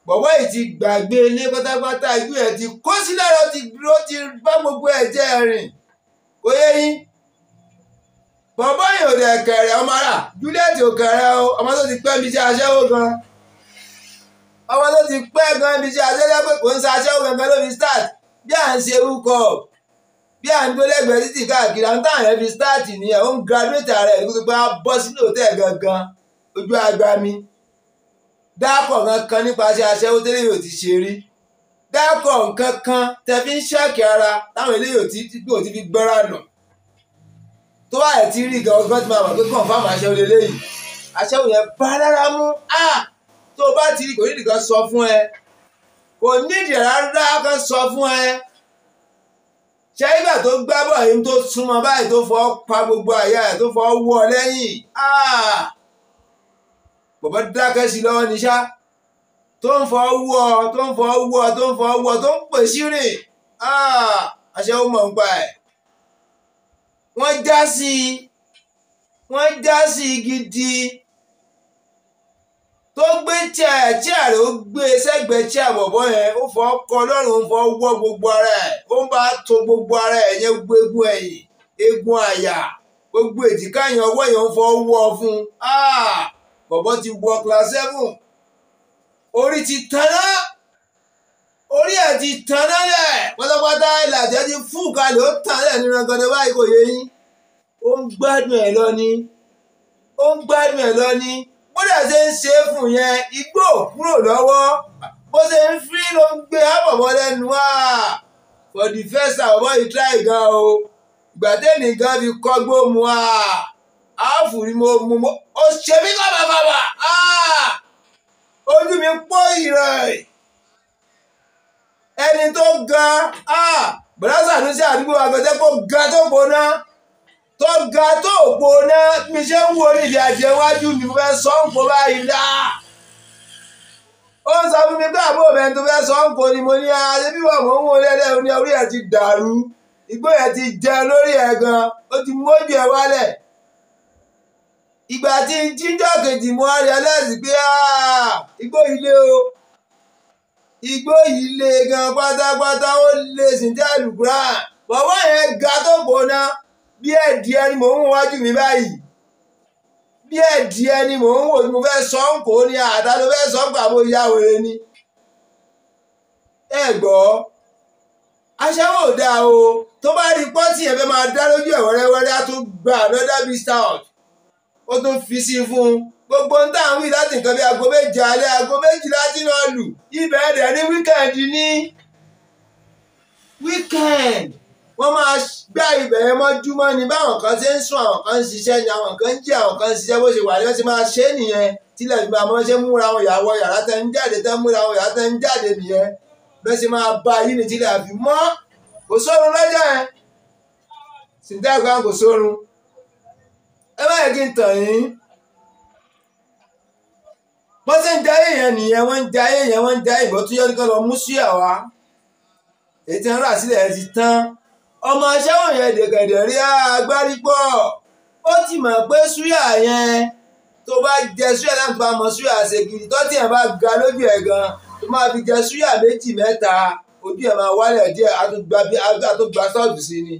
bọ̀bọ́ yìí ti gbàgbé ilé pátápátá ìlú ẹ̀ ti kó sílẹ̀ ló ti ló ti bá gbogbo ẹ̀ jẹ́ rìn kò yé yín bọ̀bọ́ yìí ò dẹ̀ kẹ̀rẹ̀ ọmọ rà Juliet ò kẹ̀rẹ̀ o ọmọ tó ti pẹ́ mi ṣe aṣẹ́wó gan ọmọ tó ti pẹ́ gan mi ṣe aṣẹ́wó pé kò ń ṣe aṣẹ́wó gangan ló fi start bí à ń ṣe wúkọ̀ọ́ bí à ń tó lẹ́gbẹ̀ẹ́ títì káàkiri àwọn táwọn yẹn fi stáàtì ni ẹ̀ ó ń graduate ara ẹ̀ nípa bọ́ sínú òtẹ́ gangan ojú agba mi dákọ̀ kankan nípasẹ̀ aṣẹ́wó tẹ́lẹ̀ yóò ti ṣe rí dákọ̀ kankan tẹ fi ń ṣẹ́ẹ̀kì ara táwọn eléyìí tí yóò ti fi gbọ́ra nù tó bá yẹ ti rí ìgbà ọgbọ́n tí máa mọ̀ pé confam aṣẹ́wó lélẹ́yìí aṣẹ́wó yẹn bá rárá mú á tó o bá ti kò ní nìkan sọ fún ẹ kò nídìí rárá kan sọ fún ẹ ṣẹ́yìnbà tó gbá Ibrahim tó súnmọ́ báyìí tó fọ́ pa gbogbo àyà rẹ̀ tó fọ́ wọ́ lẹ́yìn ah! bàbá dákẹ́ sí lọ́wọ́ níṣá tó ń fọ́ wọ́ tó ń fọ́ wọ́ tó ń fọ́ wọ́ tó ń pè sí ah! àṣẹ ó mọ̀ ń pa ẹ̀ wọ́n já sí wọ́n já sí gidi. tó gbé chair chair rẹ̀ ó gbé e sẹ́gbẹ̀ẹ́ yẹn ó fọ́ kọ lọ́rùn ó fọ́ wọ́ gbogbo ara ẹ̀ ó ń bá to gbogbo ara ẹ̀ yẹn gbogbo egun ẹ̀yìn egun àyà gbogbo èjìká yẹn ọwọ́ yẹn ń fọ́ wọ́ fún ah! bọ̀bọ̀ ti wọ class seven orí ti ti ti fún ó nínú ó ń gbádùn lọ ni ó ń lọ ni bó dẹ̀ ṣe ń ṣe é fún yẹn igbó kúrò lọ́wọ́ bó ṣe ń fi ló ń gbé àbọ̀bọ̀ lẹ́nu wá for the first time ọ̀bọ̀ yìí try gan o ìgbà tẹ́mi gan fi kọ́gbó mu wá áàfù ni mo mu mo ó ṣe mí kábàbàbà ojú mi pọ́ ìrẹ̀ ẹni tó ga bùrọ́sà ló ṣe àdúgbò àgbẹ̀tẹ́ kó ga tó gbóná tó ga tó gbóná mi ṣe ń wo níbi àjẹwájú mi fẹ́ sọ ń kó báyìí dá ó sọ fún mi pé àbúrò mi tó fẹ́ sọ ń kó ni mo ní adé bíbọ̀ mò ń wò lẹ́lẹ́ òní orí ẹ̀ ti dàrú igbó ẹ̀ ti jẹ lórí ẹ̀ gan ó ti mójú ẹ̀ wálẹ̀ ìgbà tí jíjọ́ kejì mo rí ẹlẹ́sì pé igbó ilé o igbó yìí le gan pátápátá ó lè sìn jẹ́ àlùkùrà bọ̀wọ́ yẹn ga tó gbóná díẹ̀ díẹ̀ ni mò ń wájú mi báyìí díẹ̀ díẹ̀ ni mò ń wò mo fẹ́ sọ ń kó ní àdá ló fẹ́ sọ gbà mo ya òre ni. ẹ gbọ́ aṣẹ́wó dáa o tó bá rí pọ́ǹtì yẹn fẹ́ máa dá lójú ẹ̀ wẹ́rẹ́wẹ́rẹ́ á tún gba another beast out ó tún fi sí fún un gbogbo ń tà ń wí láti nǹkan bí aago méje alẹ́ aago méjì láti náà lù ibẹ̀ rẹ̀ ní wíkẹ̀ndì ní wíkẹ̀ndì wọ́n máa gbá ibẹ̀ yẹn mọ́júmọ́ ni báwọn kan ṣe ń sùn àwọn kan ń ṣiṣẹ́ ni àwọn kan ń jí àwọn kan ń ṣiṣẹ́ bó ṣe wà ní wọ́n ti máa ṣe é nìyẹn tílẹ̀ fi máa mọ́ ṣe múra wọn yàwọ yàrá tẹ́ ń jáde tẹ́ múra wọn yàrá tẹ́ ń jáde nìyẹn bẹ́ẹ̀ ṣe máa ba yìí ni tílẹ̀ fi mọ́ kò sórun lọ́jọ́ yẹn sìndá kan kò sórun ẹ má yẹ kí n tàn yín wọ́n ṣe ń jayé yẹn nìyẹn wọ́n ń jayé yẹn wọ́n ń jayé ìbọn tó yẹ kí wọ́n mú sí àwa èyí tí wọ́n rà sílẹ̀ ti tán ọmọ aṣẹ́wó yẹn dẹ̀gẹ̀dẹ̀ rí agbárí pọ̀ ó ti mọ̀ pé súyà yẹn tó bá jẹ súyà náà tó bá mọ súyà ṣe gidi tó ti yẹn bá ga lójú ẹ̀ gan tó máa fi jẹ súyà méjì mẹ́ta ojú ẹ̀ máa wálẹ̀ díẹ̀ àtúgbà sọ́ọ̀dù sí ni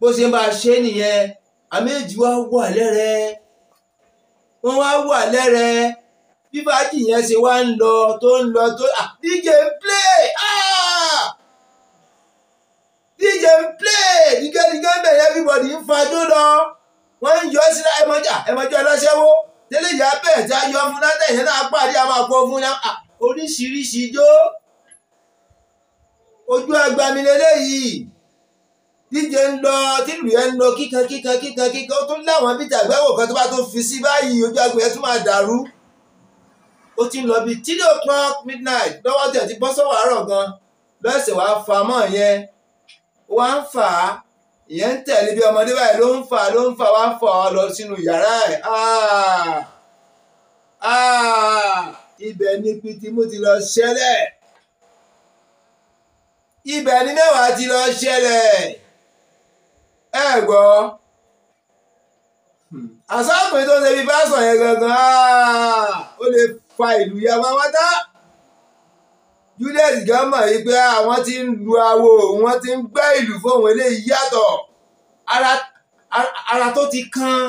bó ṣe máa ṣe nìyẹn àméjì wá wà lẹ́rẹ̀ wọ́n wá wà lẹ́rẹ̀ bí fàájì yẹn ṣe wá ń lọ tó ń lọ tó à díje play ah dj ń play dígẹ́dígẹ́ ń bẹ̀rẹ̀ everybody ń fajú lọ wọ́n ń yọ sí ẹmọjà ẹmọjà ọlọ́ṣẹ́wó délé ìyá bẹ́ẹ̀ tí a yọ fún náà tẹ̀yìn náà pàdé àwọn àpò fún náà oríṣiríṣi ijó ojú agbami lélẹ́yìí díje ń lọ tìlù yẹn ń lọ kíkan kíkan kíkan kíkan ó tún láwọn bíi tàgbáwò kan tó bá tó fi sí báyìí ojú agbo yẹn tún máa dàrú ó ti ń lọ bíi three o'clock midnight lọ́wọ́ tẹ̀ ti bọ́ sọ́wọ́ àárọ̀ gan lọ́sẹ̀ wàá fa mọ́ yẹn wá ń fà á ìyẹn ń tẹ̀lé bí ọmọdé báyìí ló ń fà á ló ń fà wá fà á lọ sínú yàrá ẹ̀ ibẹ̀ ni piti mo ti lọ ṣẹlẹ̀ ibẹ̀ ni mẹ́wàá ti lọ ṣẹlẹ̀ ẹ gbọ́ hmm, àsáàpín tó ń ṣe bí bá sàn yẹn gangan ó lè fa ìlú yà wá wá dá julius gan mọ̀ yìí pé àwọn ah, ti ń lu awo wọ́n ti ń gbẹ́ ìlú fóun eléyìí yàtọ̀ ara tó ti kan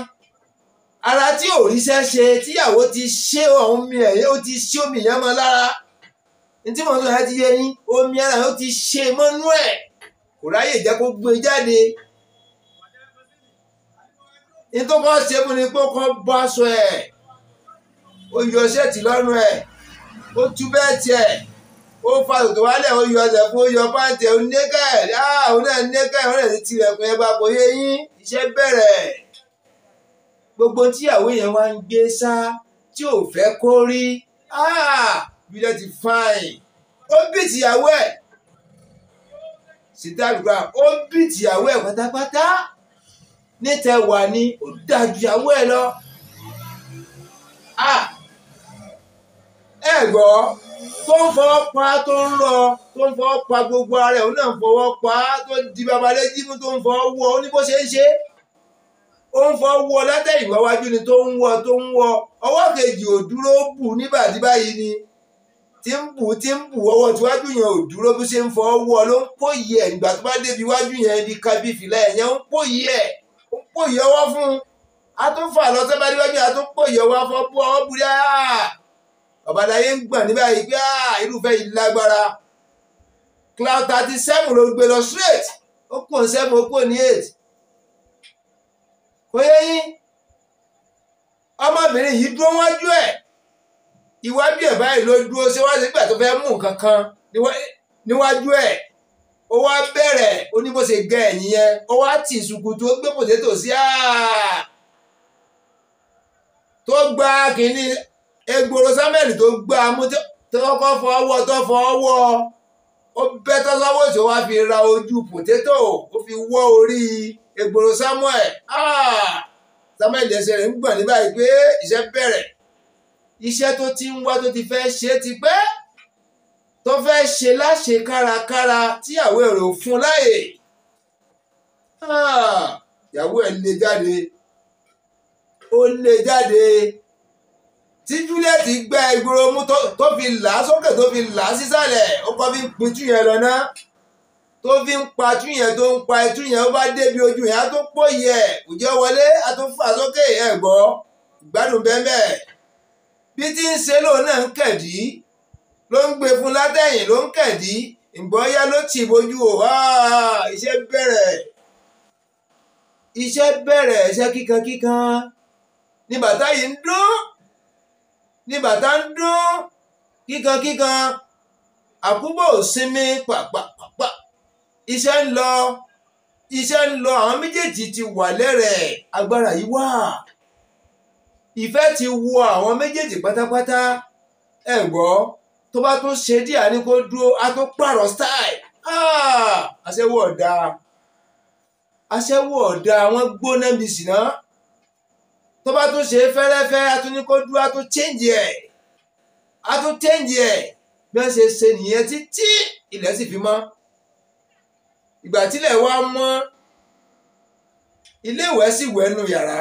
ara tí ò ríṣẹ́ ṣe tíyàwó ti ṣe ọ̀hún mi ẹ̀yẹ́ ó ti ṣe omi ìyá mọ́ lára ntí mo ń sọ yẹn ti yẹ ní omi ara ó ti ṣe mọ́nú ẹ̀ kò ráyè jẹ́ kó gbé e jáde nítorí wọ́n ṣe fún ni pé ó kàn bọ́ aṣọ ẹ̀ ó yọ ṣẹ́ẹ̀tì lọ́rùn ẹ̀ ó tú bẹ́ẹ̀ tiẹ̀ ó fa tòtò wálẹ̀ ó yọ ọ̀sẹ̀ fún ó yọ pàǹtẹ̀ ó nékẹ̀ àwọn ah, náà nékẹ̀ wọ́n lè ti rẹ̀kùn ẹ̀ bá kò yé yín iṣẹ́ bẹ̀rẹ̀ gbogbo tíyàwó yẹn wá ń gbé sá tí ò fẹ́ kó rí ah, bílẹ̀ ti fáìn ó bí tìyàwó ẹ̀ sítàlùgbà ó bí tìyàwó ẹ̀ pátápátá nítẹ̀wà ni ó dájú ìyàwó ẹ̀ lọ. Ah! ẹ gbọ́ tó ń fọwọ́ pa tó ń rọ tó ń fọwọ́ pa gbogbo ara ẹ̀ òun náà ń fọwọ́ pa tó ń di babalẹ́jì mú tó ń fọwọ́ wọ ó ní bó ṣe ń ṣe ó ń fọwọ́ wọ látẹ̀yìnwá wájú ni tó ń wọ tó ń wọ ọwọ́ kejì ò dúró bù níbàdí báyìí ni tí ń bù tí ń bù ọwọ́ tíwájú yẹn ò dúró bí ṣe ń fọwọ́ wọ ló ń pòyì ẹ̀ nígbà tó bá débi iwájú yẹn ibi kábí fìlà ẹ̀ yẹn ń pòyì ẹ̀ ń pòyì ọwọ́ fún un a tún fà lọ sẹ́bàá níwájú a tún pòyì ọwọ́ fọ́ bú ọwọ́ bu dáa babaláyé ń gbọ̀n níbẹ̀ yìí pé ah, irúfẹ́ yìí lágbára cloud thirty seven ló gbé lọ straight ó pò ní seven ó pò ní eight kò yẹ yín ọmọbìnrin yìí dúró wájú ẹ̀ iwájú ẹ̀ báyìí ló dúró ṣé wá sí ìgbà tó fẹ́ mú nǹkan kan níwájú ẹ̀ ó wá bẹ̀rẹ̀ ó ní bó ṣe gẹ ẹ̀yìn yẹn ó wá tì ìsùnkù tó gbé pòtétò sí àá ah! tó gba kínní egboro samuel tó gbá amú tó kọ́ fọ ọwọ́ tó fọ ọwọ́ ó bẹ́ tọ́lọ́wọ́ tó wá fi ra ojú pòtétò ó fi wọ́ orí egboro samuel ah! samuel ẹsẹ̀ rẹ̀ ń gbọ̀n ní báyìí pé iṣẹ́ bẹ̀rẹ̀ iṣẹ́ tó ti ń wá tó ti fẹ́ ṣe ti pẹ́ tó fẹ́ ṣe láṣe kárakára tíyàwó ẹ̀ rò fún láyè ah! ìyàwó ẹ̀ lè jáde ó lè jáde tí Juliet gbá ìgboro mú tó fi là á sókè tó fi là á sísàlẹ̀ ó kọ́ fi ń pitú yẹn lọ náà tó fi ń pa tú yẹn tó ń pa itú yẹn ó bá débi ojú yẹn á tó pò yẹ kò jẹ́ wọlé á tó fà sókè ẹ̀ gbọ́ ìgbádùn bẹ́ẹ̀ bí tí ń ṣe lòun náà ń kẹ̀dí ló ń gbé fún látẹ̀yìn ló ń kẹ̀dí ìgbọ́yá ló tì bójú o iṣẹ́ bẹ̀rẹ̀ iṣẹ́ bẹ̀rẹ̀ iṣẹ́ kíkankíkan ni bàtà yìí ń dún ní bàtà ń dún kíkankíkan àkúbọ̀ òsinmi pàpàpàpà iṣẹ́ ń lọ iṣẹ́ ń lọ àwọn méjèèjì ti wà lẹ́rẹ̀ agbára yìí wà ìfẹ́ ti wo àwọn méjèèjì pátápátá ẹ gbọ́ tó bá tún ṣe díà ní kó dúró a tún pààrọ̀ style ah! aṣẹ́wó ọ̀dà aṣẹ́wó ọ̀dà wọ́n gbóná mi sì náà tó bá tún ṣe fẹ́rẹ́fẹ́ a tún ní a tún change ẹ̀ a tún change ẹ̀ bí wọ́n ṣe ṣe nìyẹn títí ilẹ̀ sì fi mọ́ ìgbà tílẹ̀ wá mọ́ iléèwẹ̀ sì wẹ̀ nu yàrá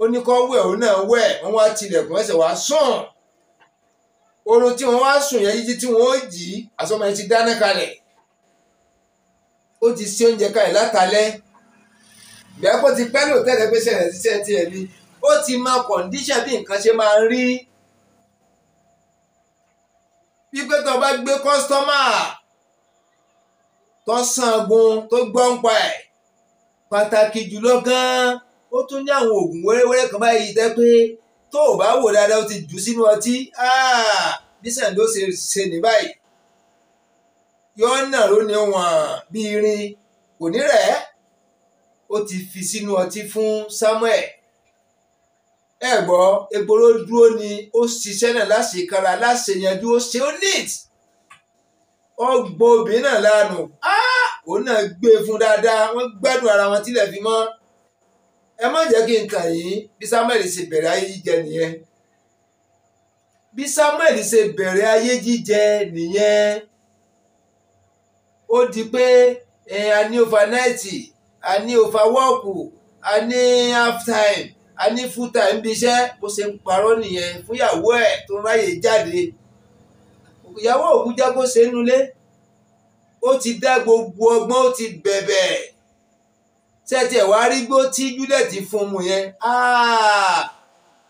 ó ní kó wẹ̀ òun náà wẹ̀ wọ́n wá tilẹ̀kùn ẹsẹ̀ wá sùn oorun tí wọ́n wá sùn yẹn yíjí tí wọ́n ó jí àsọmọ yẹn ti dáná kalẹ̀ ó ti ṣe oúnjẹ kalẹ̀ látàlẹ́ bẹ́ẹ̀ kó ti pẹ́ ní òtẹ́lẹ̀ pé ṣẹlẹ̀ ṣiṣẹ́ tiẹ̀ ni ó ti mọ kọ̀ǹdíṣàn bí nǹkan ṣe máa ń rí wípé tó bá gbé kọ́sítọ́mà tó sangun tó gbọ́npa ẹ̀ pàtàkì jùlọ gan-an ó tún ní àwọn oògùn wẹ́rẹ́wẹ́rẹ́ kan báyìí tẹ́ pé tó o bá wò dáadáa ó ti jù sínú ọtí ah, bí sàǹdó ṣe ṣe ní báyìí yọ́nà ló ní wọn bí irin kò ní rẹ̀ ẹ́ ó ti fi sínú ọtí fún Samuel ẹ gbọ́ egboro dúró ni ó ṣiṣẹ́ náà láṣekára láṣeyanjú ó ṣe ó neat ó gbọ́ obìnrin náà lánàá òun ah! náà gbé e fún dáadáa wọ́n gbádùn ara wọn tílẹ̀ fi mọ́ ẹ má jẹ́ kí n kàn yín bí Samuel ṣe bẹ̀rẹ̀ ayé jíjẹ nìyẹn bí Samuel ṣe bẹ̀rẹ̀ ayé jíjẹ nìyẹn ó di pé ẹ̀ eh, ní overnight a ní òfàwọ́ọ̀kù a ní half time a ní full time bí iṣẹ́ bó ṣe ń parọ́ nìyẹn fúnyàwó ẹ̀ tó ń ráyè jáde ìyàwó òkú jágbó ṣe ń nulẹ̀ ó ti dá gbogbo ọgbọ́n ó ti bẹ̀bẹ̀ tẹ́tẹ̀ wá rí gbó tí Juliet fún mu yẹn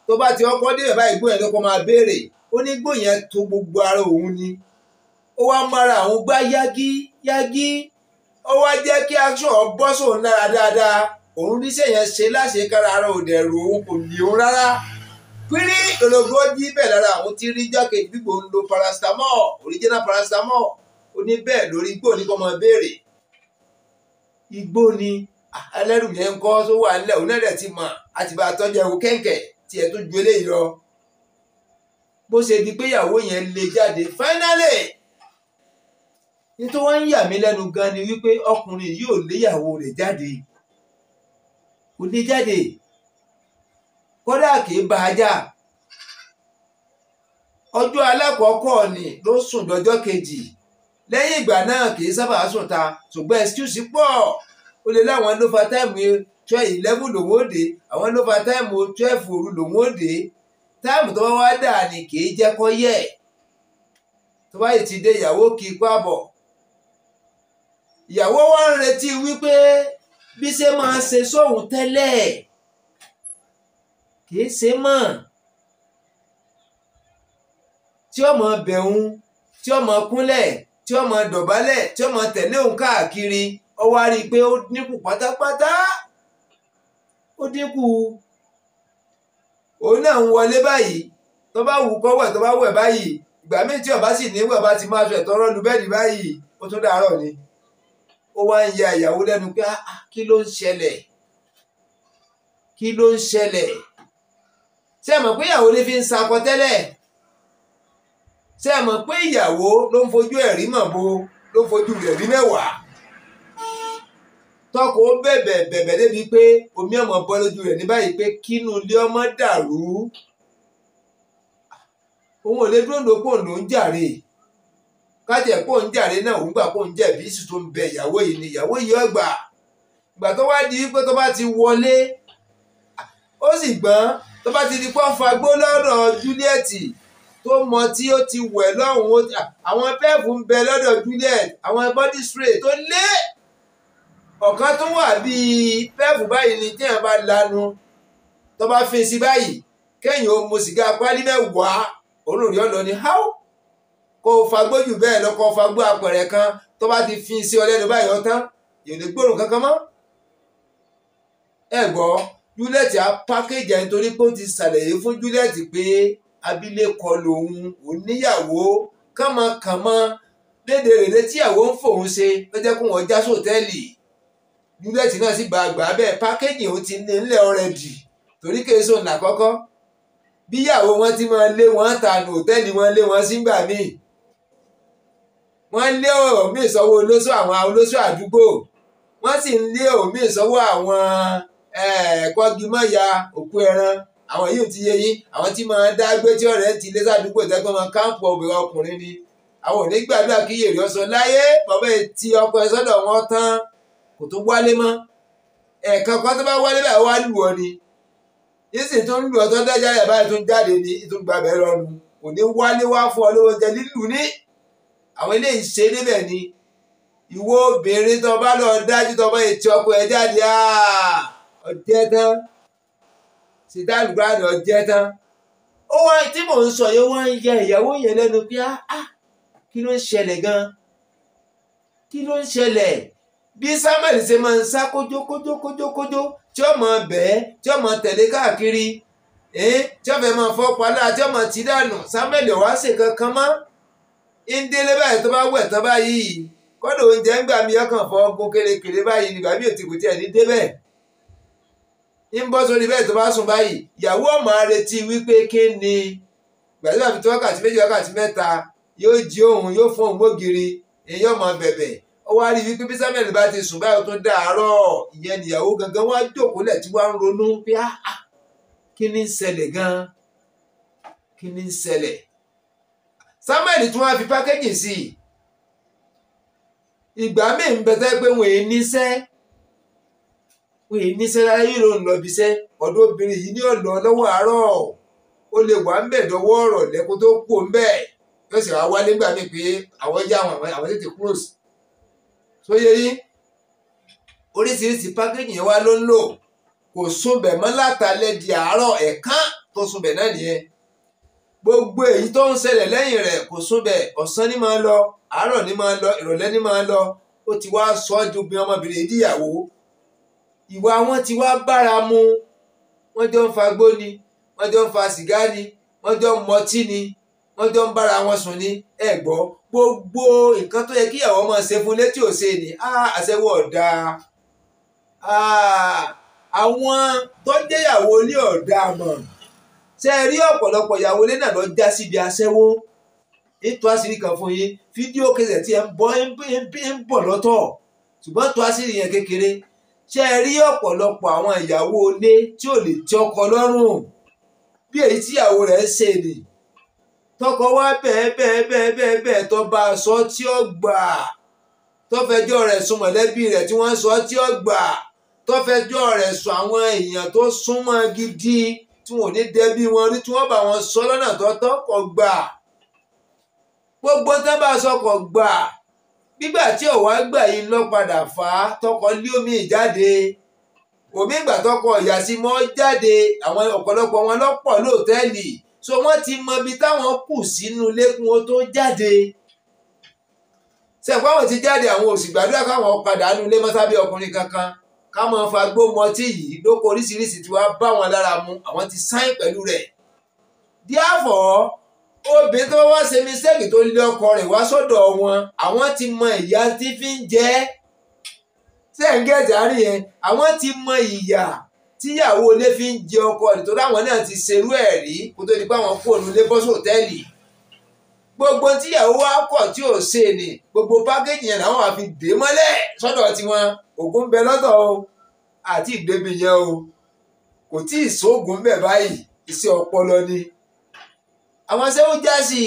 tó bá ti ọkọ dé bàbá ìgbó yẹn ló máa béèrè ó ní gbó yẹn tó gbogbo ara òun ni ó wá mara àwọn gbá yágí yágí ó wá jẹ́ kí action bọ́ sóun náà dáadáa òun ríṣẹ́ yẹn ṣe láṣẹ kára ara òdẹ rò òun kò ní òun rárá pírí ológo jí bẹ́ẹ̀ lára àwọn tí rí jákèjì gbígbó ń lo paracetamol original paracetamol ó ní bẹ́ẹ̀ lórí igbó ní kó máa béèrè igbó ni ẹlẹ́rù yẹn ń kọ́ tó wà nílẹ̀ òun náà ti mọ̀ àti bá a tọ́jú ẹ̀wò kẹ̀kẹ́ tí ẹ̀ tó ju eléyìí lọ bó ṣe di pé ìyàwó yẹn lè jáde finally nítorí wọ́n ń yà mí lẹ́nu gan ni wípé ọkùnrin yóò léyàwó rẹ̀ jáde kò lè jáde kódà kìí bá a jà ọjọ́ alákọ̀ọ́kọ́ ni ló sùn lọ́jọ́ kejì lẹ́yìn ìgbà náà kìí sábà sùn ta ṣùgbọ́n excuse pọ̀ ó lè láwọn ló fa táìmù eleven lòun ó dé àwọn ló táìmù twelve òru lòun ó dé táìmù tó bá wá dà ní kìí jẹ́ kó yẹ̀ tó bá yìí ti dé ìyàwó kí ipá bọ̀ ìyàwó wa ń retí wípé bí ṣe máa ṣe sóhun tẹ́lẹ̀ kìí ṣe mọ̀ tí ọmọ bẹ̀hún tí ọmọ kúnlẹ̀ tí ọmọ dọ̀bálẹ̀ tí ọmọ tẹ̀lé òun káàkiri ó wá rí i pé ó dínkù pátápátá ó dínkù òun náà ń wọlé báyìí tó bá wù kó wẹ̀ tó bá wẹ̀ báyìí ìgbà míì tí ó bá sì ní wẹ̀ bá ti máa sọ ẹ̀tọ́ rọ́ọ̀lù bẹ́ẹ̀ ni báyìí ó tún dàárọ̀ ni ó wá ń ya ìyàwó lẹ́nu pé ah, ah, kí ló ń ṣẹlẹ̀ kí ló ń ṣẹlẹ̀ ṣé ẹ mọ̀ pé ìyàwó lè fi ń sakọ tẹ́lẹ̀ ṣé ẹ mọ̀ pé ìyàwó ló ń fojú ẹ̀ rí màbo ló ń fojú rẹ̀ rí mẹ́wàá tọkọ ó bẹ̀bẹ̀ bẹ̀bẹ̀ débi pé omi ọmọ bọ́ lójú rẹ̀ ní báyìí pé kínú ilé ọmọ dàrú òun ò lè dúró dòpò ló ń jàre káàtì ẹ̀pọ̀ ń jàre náà òun gbà pọ̀ ń jẹ̀bi sì tó ń bẹ ìyàwó yìí ni ìyàwó yìí ọgbà ìgbà tó wá di pé tó bá ti wọlé ó sì gbọ́n tó bá ti di pọ́ fagbó lọ́dọ̀ Juliet tó mọ tí ó ti wẹ̀ lọ́hùn àwọn pẹ́ẹ̀fù ń bẹ lọ́dọ̀ Juliet àwọn body spray tó lé ọ̀kan tó wà bíi pẹ́ẹ̀fù báyìí ni téèyàn bá lanu tó bá fi sí báyìí kéèyàn ó mu sìgá pálí mẹ́wàá olórí ọ̀lọ́ ni how kó o fagbó jù bẹ́ẹ̀ lọ kó o fagbó apẹ̀rẹ̀ kan tó bá ti fi sí ọlẹ́nu báyìí ọtán yóò lè gbóòrùn kankan mọ́. ẹ gbọ́ Juliet á pákéjì ẹni torí pé ó ti ṣàlàyé fún Juliet pé abilékọ lòun ò níyàwó kánmọkànmọ léde rèé tíyàwó ń fòun ṣe ló jẹ́ kó wọ́n já sòtẹ́ẹ̀lì Juliet náà sì gbàgbà bẹ́ẹ̀ pákéjì òun ti ní nílẹ̀ ọ̀rẹ́dì torí kèésò nà kọ́kọ́ bíyàwó wọn ti máa lé wọn tànù òtẹ́ẹ̀lì wọn lé wọn sígbà míì wọ́n lé òmíì sọ́wọ́ olóṣù àwọn olóṣù àdúgbò wọ́n sì ń lé òmíì sọ́wọ́ àwọn kọ́gímọ̀ya òkú ẹran àwọn yìí ti yé yín àwọn tí máa dá gbé tí ọ̀rẹ́ ti lé sádùúgbò tẹ́gbọ́n máa káàpù obìnrin ọkùnrin ni àwọn òní gbàdúrà kí yèrè ọsàn láyé bàbá ti ọkọ ẹ sọ́dọ̀ wọn tán kò tó wálé mọ́ ẹ̀ẹ̀kan kan tó bá wálé báyìí wá lù ọ ni yìí sì tún lù ọ tó dájà rẹ̀ báyìí tún jáde ní ìtúgbàbẹ̀ lọ́nu òní wálé wá fún ọ lówó jẹ lílù ní àwọn eléyìí ṣe débẹ̀ ni ìwọ obìnrin tó bá lọ dájú tó bá ètò ọkọ ẹ jáde ọjẹ́ tán ṣètà àlùkùránì ọjẹ́ tán ó wá tí mò ń sọ yẹn wá ń yẹ ìyàwó yẹn lẹ́nu pé áá kí ló ń ṣẹlẹ̀ gan kí ló ń ṣẹlẹ̀ bí samuel ṣe máa ń sá kójókójókójókójó tí ó máa bẹ́ẹ̀ tí ó máa tẹ̀lé káàkiri tí ó fẹ́ máa fọ́ pa lára tí ó máa ti dànù samuel ọ̀wá ṣe kankan ìdílé báyìí tó bá wẹ̀ tán báyìí kọ́dọ̀ oúnjẹ ń gbà mí ọkàn fọ ọgùn kérekére báyìí nígbà mí ò ti kò tiẹ̀ ní débẹ̀ ń bọ́ sórí bẹ́ẹ̀ tó bá sùn báyìí ìyàwó ọmọ retí wípé kí ni gbàdúrà fi tó wákàtí méjì wákàtí mẹ́ta yóò jí òun yóò fún òun gbógiri èyí ọmọ bẹ̀bẹ̀ ó wá rí wípé bí Samuel bá ti sùn báyìí ó tún dàárọ̀ ìyẹn nìyàwó gangan wá jòkólẹ̀ tí wá ń ronú pé áá ah, ah, kí ni ń ṣẹlẹ̀ gan kí ni ń ṣẹlẹ̀ samuel tí wọ́n fi pákéjì sí i ìgbà míì ń bẹtẹ pé wọn èé níṣẹ́ wọn èé níṣẹ́ rárá yìí ló ń lọ bíṣẹ́ ọ̀dọ̀ obìnrin yìí ní ọlọ lọ́wọ́ àárọ̀ ó lè wà ń bẹ dọ́wọ́ ọ̀rọ̀ lẹkọọ tó kú ń bẹ yóò sì wá wá nígbà míì pé àwọn jẹ àwọn àwọn tètè kúrò sí sóyè yìí oríṣiríṣi pákéjì yẹn wá ló ń lò kò sunbẹ̀ mọ́ látàlẹ́ di àárọ̀ ẹ̀ka tó sunbẹ̀ náà nìyẹn gbogbo èyí tó ń ṣẹlẹ̀ lẹ́yìn rẹ̀ kò súnbẹ̀ ọ̀sán ni máa lọ àárọ̀ ni máa lọ ìrọ̀lẹ́ ni máa lọ ó ti wá sọ ọ́ ju obìnrin ọmọbìnrin ìdíyàwó ìwà wọn ti wá bára mu wọ́n jọ ń fa gbó ni wọ́n jọ ń fa sìgá ni wọ́n jọ ń mọtí ni wọ́n jọ ń bára wọn sùn ni ẹ gbọ́ gbogbo nǹkan tó yẹ kí ìyàwó máa ṣe fún létí òsè ni àṣẹwó ọ̀dà àwọn tó jẹ́yàwó ní ọ̀dà mọ̀ ṣe rí ọ̀pọ̀lọpọ̀ ìyàwó ilé náà lọ já síbi aṣẹ́wó ètò àṣírí kan fún yín fídíò kẹsẹ̀ tí ẹ ń bọ́ ń bọ̀ lọ́tọ̀ ṣùgbọ́n tó àṣírí yẹn kékeré ṣe rí ọ̀pọ̀lọpọ̀ àwọn ìyàwó ilé tí ò lè tí ọkọ lọ́rùn bí èyí tí ìyàwó rẹ̀ ṣe nì tọkọ wá bẹ́ẹ̀ bẹ́ẹ̀ bẹ́ẹ̀ bẹ́ẹ̀ bẹ́ẹ̀ tó bá a sọ tí ó gbà tó fẹjọ́ sùn mọ̀lẹ́bí rẹ̀ tí wọ́n sọ tí ó gbà tó fẹjọ́ sùn àwọn èèyàn tó súnmọ́ gidi tí wọn ò ní dẹbi wọn rí tí wọn bá wọn sọ lọ́nà tọ́tọ́ kò gbà gbogbo tá bá sọ kò gbà gbígbà tí ọ̀wá gbà yìí lọ padà fà á tọkọ lé omi ìjáde omi ìgbà tọkọ ìyá sí mọ́ jáde àwọn ọ̀pọ̀lọpọ̀ wọn lọ́pọ̀ lóòtẹ́ẹ̀lì so wọ́n ti mọ ibi táwọn kù sínú lẹ́kùn ó tó jáde sẹ́kọ̀ọ́ àwọn ti jáde àwọn òsì gbàdúrà káwọn padà nulẹ̀ mọ́sábí ọkùnrin kankan ká máa fa gbó mọtí yìí lóko oríṣiríṣi tí wàá bá wọn lára mu àwọn ti sáyìn pẹ̀lú rẹ̀ díàfọ̀ obìnrin tó wá ṣe mistake tó lé ọkọ rẹ̀ wá sọ́dọ̀ wọn àwọn ti mọ ìyà tí fi ń jẹ sẹ́ńgẹ̀tì àárín yẹn àwọn ti mọ ìyà tíyàwó ilé fi ń jẹ ọkọ rẹ̀ tó dáwọn náà ti ṣerú ẹ̀ rí kó tó di pé àwọn fóònù lé bọ́sọ̀ gbogbo tíyàwó wa kọ̀ tí ò ṣe ni gbogbo pákéjì yẹn làwọn àfi dè mọ́lẹ̀ sọ́dọ̀ tiwọn ògùn bẹ lọ́dọ̀ o àti ìgbébi yẹn o kò tí ì sóògùn bẹ̀ báyìí iṣẹ́ ọpọlọ ni. àwọn sẹ́wọ́n jásì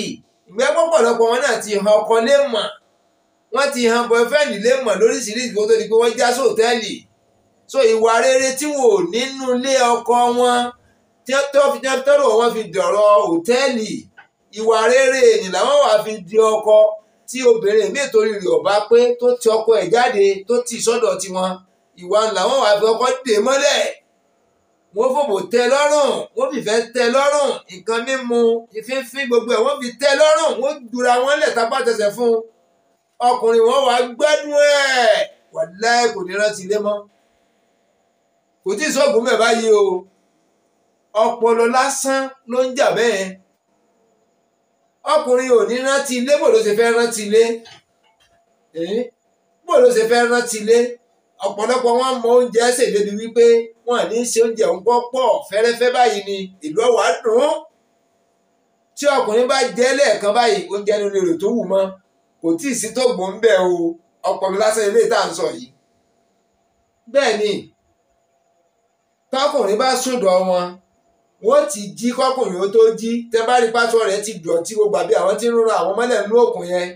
ìgbẹ́ pọ̀pọ̀lọpọ̀ wọn náà ti han ọkọ lé mọ̀ wọ́n ti han bọ̀ẹ́fẹ́ẹ̀nì lé mọ̀ lóríṣiríṣi kó tó di pé wọ́n já sóòtẹ́ẹ̀lì so ìwà rere tí wò nínú ilé ọkọ wọn tí wọ́n tọrọ wọn fi dọ̀rọ̀ òtẹ́ẹ̀lì ìwà rere ni làwọn wà fi di ọkọ tí obìnrin míì torí rẹ̀ ọba pé tó ti ọkọ ẹ̀ jáde tó ti sọ́dọ̀ tiwọn ìwà làwọn wà fi ọkọ dè mọ́lẹ̀ wọ́n fòbò tẹ́ lọ́rùn wọ́n fìfẹ́ tẹ́ lọ́rùn nǹkan mímu ìfínfín gbogbo ẹ̀ wọ́n fi tẹ́ lọ́rùn wọ́n dura wọn lẹ̀ tapá tẹsẹ̀ fún ọkùnrin wọn wàá gbádùn ẹ̀ wàláì kò ní rántí ilé mọ́ kò tí ì sọ́gun mẹ́ báyìí o ọpọlọ lásán ló ń jà bẹ́ẹ̀ ọkùnrin ò ní rántí ilé bò ló ṣe fẹ́ rántí ilé bò ṣe fẹ́ rántí ilé ọ̀pọ̀lọpọ̀ wọn mọ oúnjẹ ṣe débi wípé wọn ní í ṣe oúnjẹ òun gbọ́ pọ̀ fẹ́rẹ́fẹ́ báyìí ni ìlú ọ̀wà dùn tí ọkùnrin bá jẹ́ lẹ́ẹ̀kan báyìí oúnjẹ nínú èrò tó wù mọ́ kò tí ì sí tó gbòó ń o ọpọlọ lásán ilé tá à ń sọ yìí bẹ́ẹ̀ tọkùnrin bá sùn wọn wọ́n ti jí kọkùnrin ó tó jí tẹ́ bá rí pátọ rẹ̀ ti dọ̀tí gbogbo àbí àwọn tí ń rúnra àwọn mọ́lẹ̀ nínú òkun yẹn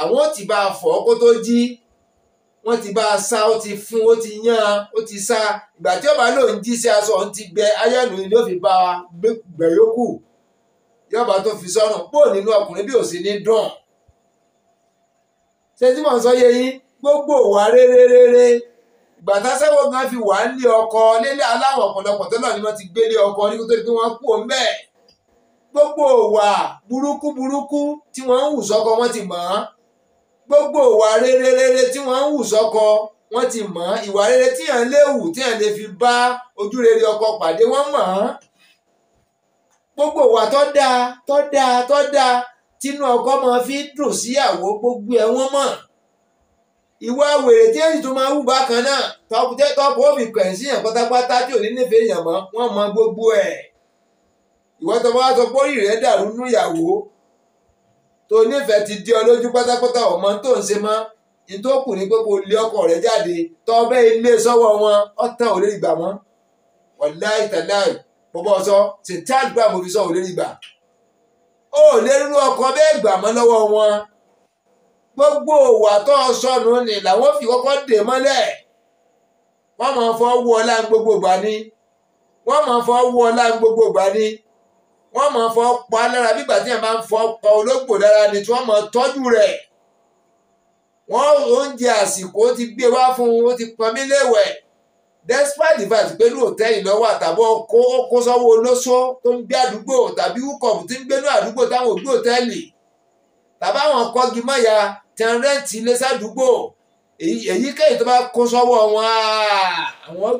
àwọn ó ti bá a fọ̀ kó tó jí wọ́n ti bá a sá ó ti fún ó ti yán ó ti sá ìgbà tí ọba lòun jí sí aṣọ òun ti gbẹ ayánu ni ó fi bá a gbẹ yókù yọba tó fi sọnù pò nínú ọkùnrin bí ò sí ní dùn ṣé tí mò ń sọ yẹ yín gbogbo wa rere rere. re, re ìgbà tásẹ́wọ̀n gan fi wà nílé ọkọ nílé aláwọ̀ ọ̀pọ̀lọpọ̀ tó náà ni wọ́n ti gbé lé ọkọ ní kótó pé wọ́n kú òun bẹ́ẹ̀ gbogbo òwà burúkú burúkú tí wọ́n ń wù sọ́kọ wọ́n ti mọ̀ ọ́n gbogbo òwà rere rere tí wọ́n ń wù sọ́kọ wọ́n ti mọ̀ ọ́n ìwà rere tí yàn lè wù tí yàn lè fi bá ojú rere ọkọ pàdé wọ́n mọ̀ ọ́n gbogbo òwà tó dáa tó dáa tó dáa tínú ọkọ máa fi dùn síyàwó gbogbo ẹ̀ wọ́n mọ̀ ọ́n ìwà wèrè tí èyí tó máa wù bákan náà tọkọ òfin kẹ̀sí yàn pátápátá tí ò ní nífẹ̀ẹ́ yàn mọ́ wọ́n mọ gbogbo ẹ̀ ìwọ́n tó bá sọ pórì rẹ̀ dàrú nú ìyàwó tó nífẹ̀ẹ́ ti di ọ lójú pátápátá ọmọ tó ń ṣe mọ́ ní tó kù ní pé kó lé ọkọ rẹ̀ jáde tọ́ bẹ́ẹ̀ ilé sọ́wọ́ wọn ọ̀tàn ò lè gbà mọ́ wàláì tàláì bọ́bọ́ sọ ṣètí mo fi sọ ò gbà ó lè gbogbo òwà tó sọnù ni làwọn fi kọ́kọ́ dè mọ́lẹ̀ wọ́n máa fọ́ wú ọlá gbogbo gbà ni wọ́n máa fọ́ wú ọlá gbogbo gbà ni wọ́n máa fọ́ pa lára bígbà tí yẹn máa ń fọ́ pa olóògbò lára ni tí wọ́n máa tọ́jú rẹ̀ wọ́n oúnjẹ àsìkò ti gbé wá fún ó ti pọnmí léwẹ̀ despite the fact pé lóòótẹ́ ìlọ́wọ́ àtàbọ̀ kó kó sọ́wọ́ olóṣó tó ń gbé àdúgbò tàbí wúkọ̀ọ̀bù tí ń gbénú àdúgbò táwọn òbí òtẹ́ẹ̀lì tàbá wọn kọ́gi mọ́ya tẹn rẹ́ǹtì ilé sádùúgbò èyíkéyìí tó bá kó sọ́wọ́ wọn àwọn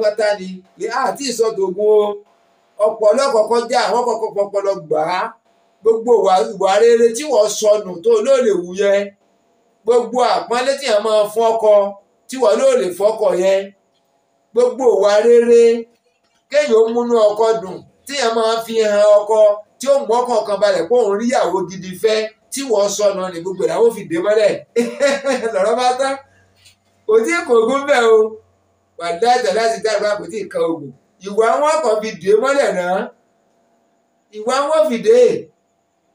gbà tán ni àti ìsọdògùn o ọpọlọ kọ́kọ́ àwọn kọ́kọ́ pọpọlọ gbà á gbogbo ìwà rere tí wọ́n sọnù tó lóòlè wù yẹn gbogbo àpọ́nlé tí wọ́n máa fún tí wọ́n lóòlè fọ́kọ yẹn gbogbo ìwà rere kéèyàn múnú ọkọ dùn tí wọ́n máa fi hàn ọkọ tí ó ń gbọ́ kọ̀ọ̀kan balẹ̀ pé òun ríyàwó gidi fẹ́ tí wọ́n sọnà ní gbogbo ìdáwó fi dé mọ́lẹ̀ lọ́rọ́ bá tán kò kò gún bẹ́ẹ̀ o wà dájà láti dá ìgbà kò tí ì kan oògùn ìwà wọn kàn fi dé mọ́lẹ̀ náà ìwà wọn fi dé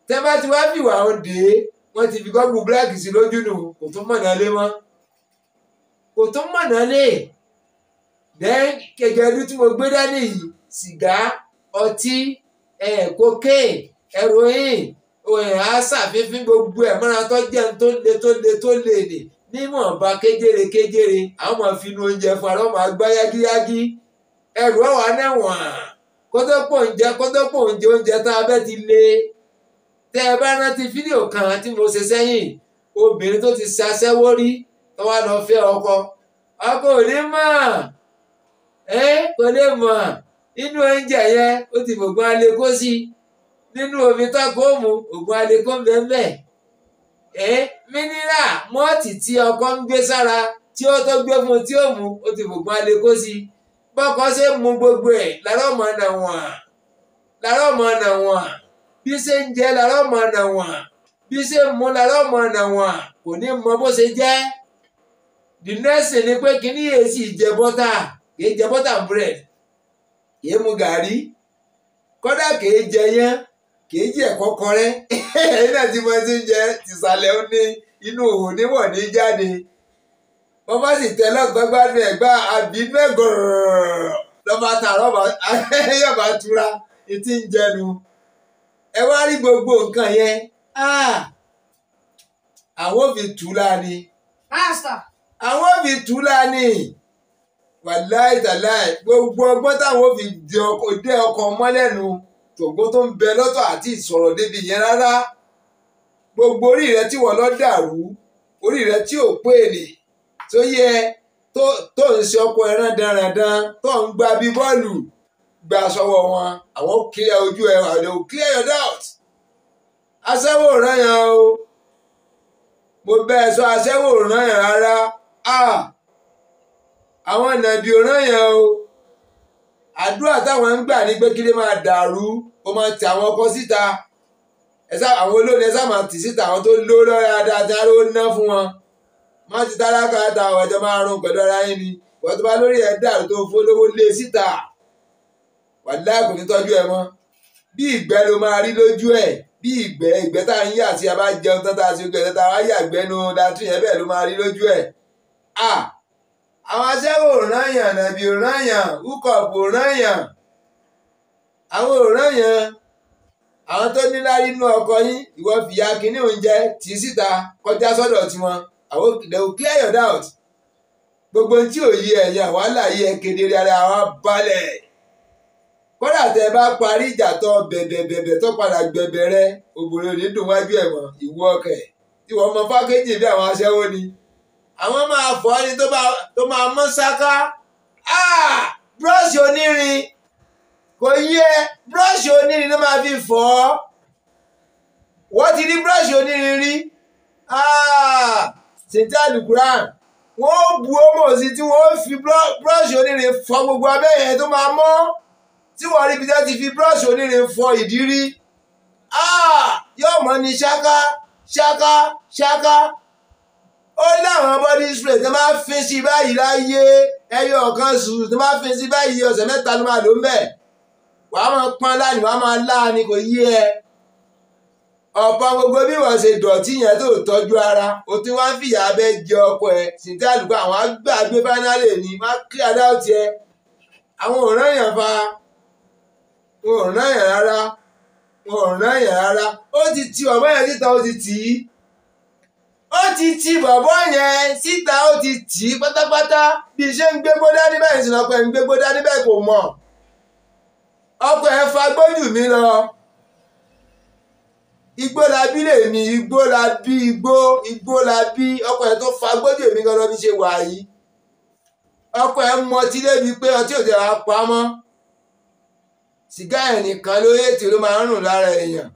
tẹ́ bá ti wá fìwà wọn dé wọ́n ti fi gọ́gùn bíláàkì sí lójú nù kò tún mọ̀nà lé mọ́ kò tún mọ̀nà lé dẹ́n kẹ̀kẹ́ ẹdún tí mo gbé dání yìí sìgá ọtí cocaine heroin aṣàfihàn gbogbo ẹ̀ mọ́ra tó jẹ́ tó le tó le tó le nì níwọ̀nba kéjèrè kéjèrè àwọn máa fi nu oúnjẹ fún ara máa gbá yágíyágí ẹrù ọ̀wà náwọ̀n kótópọ̀ oúnjẹ kótópọ̀ oúnjẹ oúnjẹ tá a bẹ́ ti le ẹ bá rántí fídíò kan tí mo ṣe sẹ́yìn obìnrin tó ti ṣaṣẹ́wó rí tó wá lọ fẹ́ ọkọ ọkọ ò ní mọ̀ ẹ́ kò lè mọ̀. nínú oúnjẹ yẹn ó ti mọ̀gbọ́n aleko sí nínú omi tọ́kọ òmù ògùn aleko ń bẹ́ẹ̀ ẹ́ mínírà mọ́ọ̀tì tí ọkọ ń gbé sára tí ó tó gbé fún tí ó mú ó ti mọ̀gbọ́n aleko sí bọ́kọ ṣe ń mu gbogbo ẹ̀ làrá ọmọ ọ̀nà wọ̀n làrá ọmọ ọ̀nà wọ̀n bí ṣe ń jẹ làrá ọmọ ọ̀nà wọ̀n bí ṣe ń mu làrá ọmọ ọ̀nà wọ̀n kò ní mọ bó ṣe jẹ́ the next ni pé kíní èsì jẹ bọ́tà kì í jẹ bọ́tà bread kìí mu gàrí kódà kìí jẹ yán kìí jẹ kọkọrẹ ẹyin náà ti mọ ti ń jẹ tìsàlẹ̀ ó ní inú òwò níwọ̀n ní jáde wọ́n bá sì tẹ lọ́gbọ́n gbádùn ẹ̀gbá àbínú ẹ̀gọ̀rọ̀ lọ́ba tààrọ̀ yọ̀bá tura ti ń jẹnu ẹ wá rí gbogbo nǹkan yẹn ah! àwọn òbí tù lá ni àwọn òbí wàláì tàláì gbogbo ọgbọ́n táwọn ò fi dé ọkàn mọ́lẹ́nu tògbó tó ń bẹ lọ́tọ̀ àti ìsọ̀rọ̀ débi yẹn rárá gbogbo orí rẹ tí wọ́n lọ dàrú orí rẹ tí ò pé nì tó yẹ tó ń ṣe ọkọ ẹran darandan tó ń gba bí bọ́ọ̀lù gba sọ́wọ́ wọn àwọn ò clear ojú ẹ àwọn ò clear your doubt aṣẹ́wó ràn yàn o mo bẹ́ẹ̀ sọ aṣẹ́wó ràn yàn rárá ah àwọn nàbí òràn yẹn o àdúrà táwọn ń gbà ní pé kí lè máa dàrú ó máa ti àwọn ọkọ síta ẹsà àwọn olóòní ẹsà máa tì síta àwọn tó ló lọ́ra dáadáa ló ná fún wọn má ti tálákà ta àwọn ẹjọ́ máa rún pẹ̀lú ara yín ni wọ́n tó bá lórí ẹ̀ dàrú tó fún olówó lé síta wàlá kò ní ẹ mọ́ bí ìgbẹ́ ló máa rí lójú ẹ̀ bí ìgbẹ́ ìgbẹ́ tá à ń yà tí a bá jẹun tán tá a ti gbẹ̀ tá a wá yà gbẹ́nu dàtú yẹn bẹ́ẹ̀ ló máa rí lójú ẹ̀ àwọn aṣẹ́wó òràn yàn nàbì òràn yàn húkọ̀ọ̀pù òràn yàn àwọn òràn yàn àwọn tó ní lárí inú ọkọ yín ìwọ fìyà kínní oúnjẹ tì í síta kọjá sọ́dọ̀ tiwọn àwọn they will clear your doubt gbogbo tí ò yí ẹ̀yìn àwọn àlàyé ẹ̀ kedere ara wa balẹ̀ kódà tẹ bá parí ìjà tó bẹ̀bẹ̀bẹ̀bẹ̀ tó padà gbẹ̀bẹ̀ rẹ òbòrò onídùn wájú ẹ̀ mọ́ ìwọ ọkẹ̀ ìwọ ọmọ fákéjì bí àwọn aṣẹ́wó ni àwọn máa fọ́ ni tó máa mọ́ ṣáká ah! búrọ́ọ̀ṣì onírin kò yẹ búrọ́ọ̀ṣì onírin ló máa fi fọ́ wọ́n ti rí búrọ́ọ̀ṣì onírin rí ah! ṣètì àlùkùrán wọ́n bu ọmọ òsì tí wọ́n fi búrọ́ọ̀ṣì onírin fọ́ gbogbo abẹ́ yẹn tó máa mọ́ tí wọ́n rí ibi tí wọ́n ti fi búrọ́ọ̀ṣì onírin fọ ìdí rí ah! yóò mọ́ ni ṣáká ṣáká ṣáká ó láwọn body spray tí wọ́n bá fi sí báyìí láyé ẹyọ ọ̀kan sùúrù tí wọ́n bá fi sí báyìí ọ̀sẹ̀ mẹ́ta ló máa lò ń bẹ̀ wàá máa pọ́n láàánú wàá máa láàánú kò yé ẹ ọ̀pọ̀ gbogbo bí wọ́n ṣe dọ̀tí yẹn tó tọ́jú ara o ti wá ń fìyà abẹ́ jẹ ọkọ ẹ sìntẹ́ àlùkò àwọn agbàgbé fánálẹ̀ ni má kí adáwọ̀tì ẹ àwọn ò rán yàn fa wọn ò rán rárá ò rán rárá ó ti ti ọ̀bá ó ti ti bọ̀bọ́ yẹn síta ó ti tì í pátápátá bí ṣe ń gbégbó dání bẹ́ẹ̀ sì lọ́pọ̀ ẹ̀ ń gbégbó dání bẹ́ẹ̀ kò mọ̀ ọkọ ẹ̀ fa gbójú mi lọ igbó la bí lèmi igbó la bí igbó igbó la bí ọkọ ẹ̀ tó fa gbójú mi lọ bí ṣe wà yìí ọkọ ẹ̀ mọ tí débi pé ọtí òde àpamọ́ sìgá ẹ̀ nìkan ló yé tí ló máa ń rùn lára èèyàn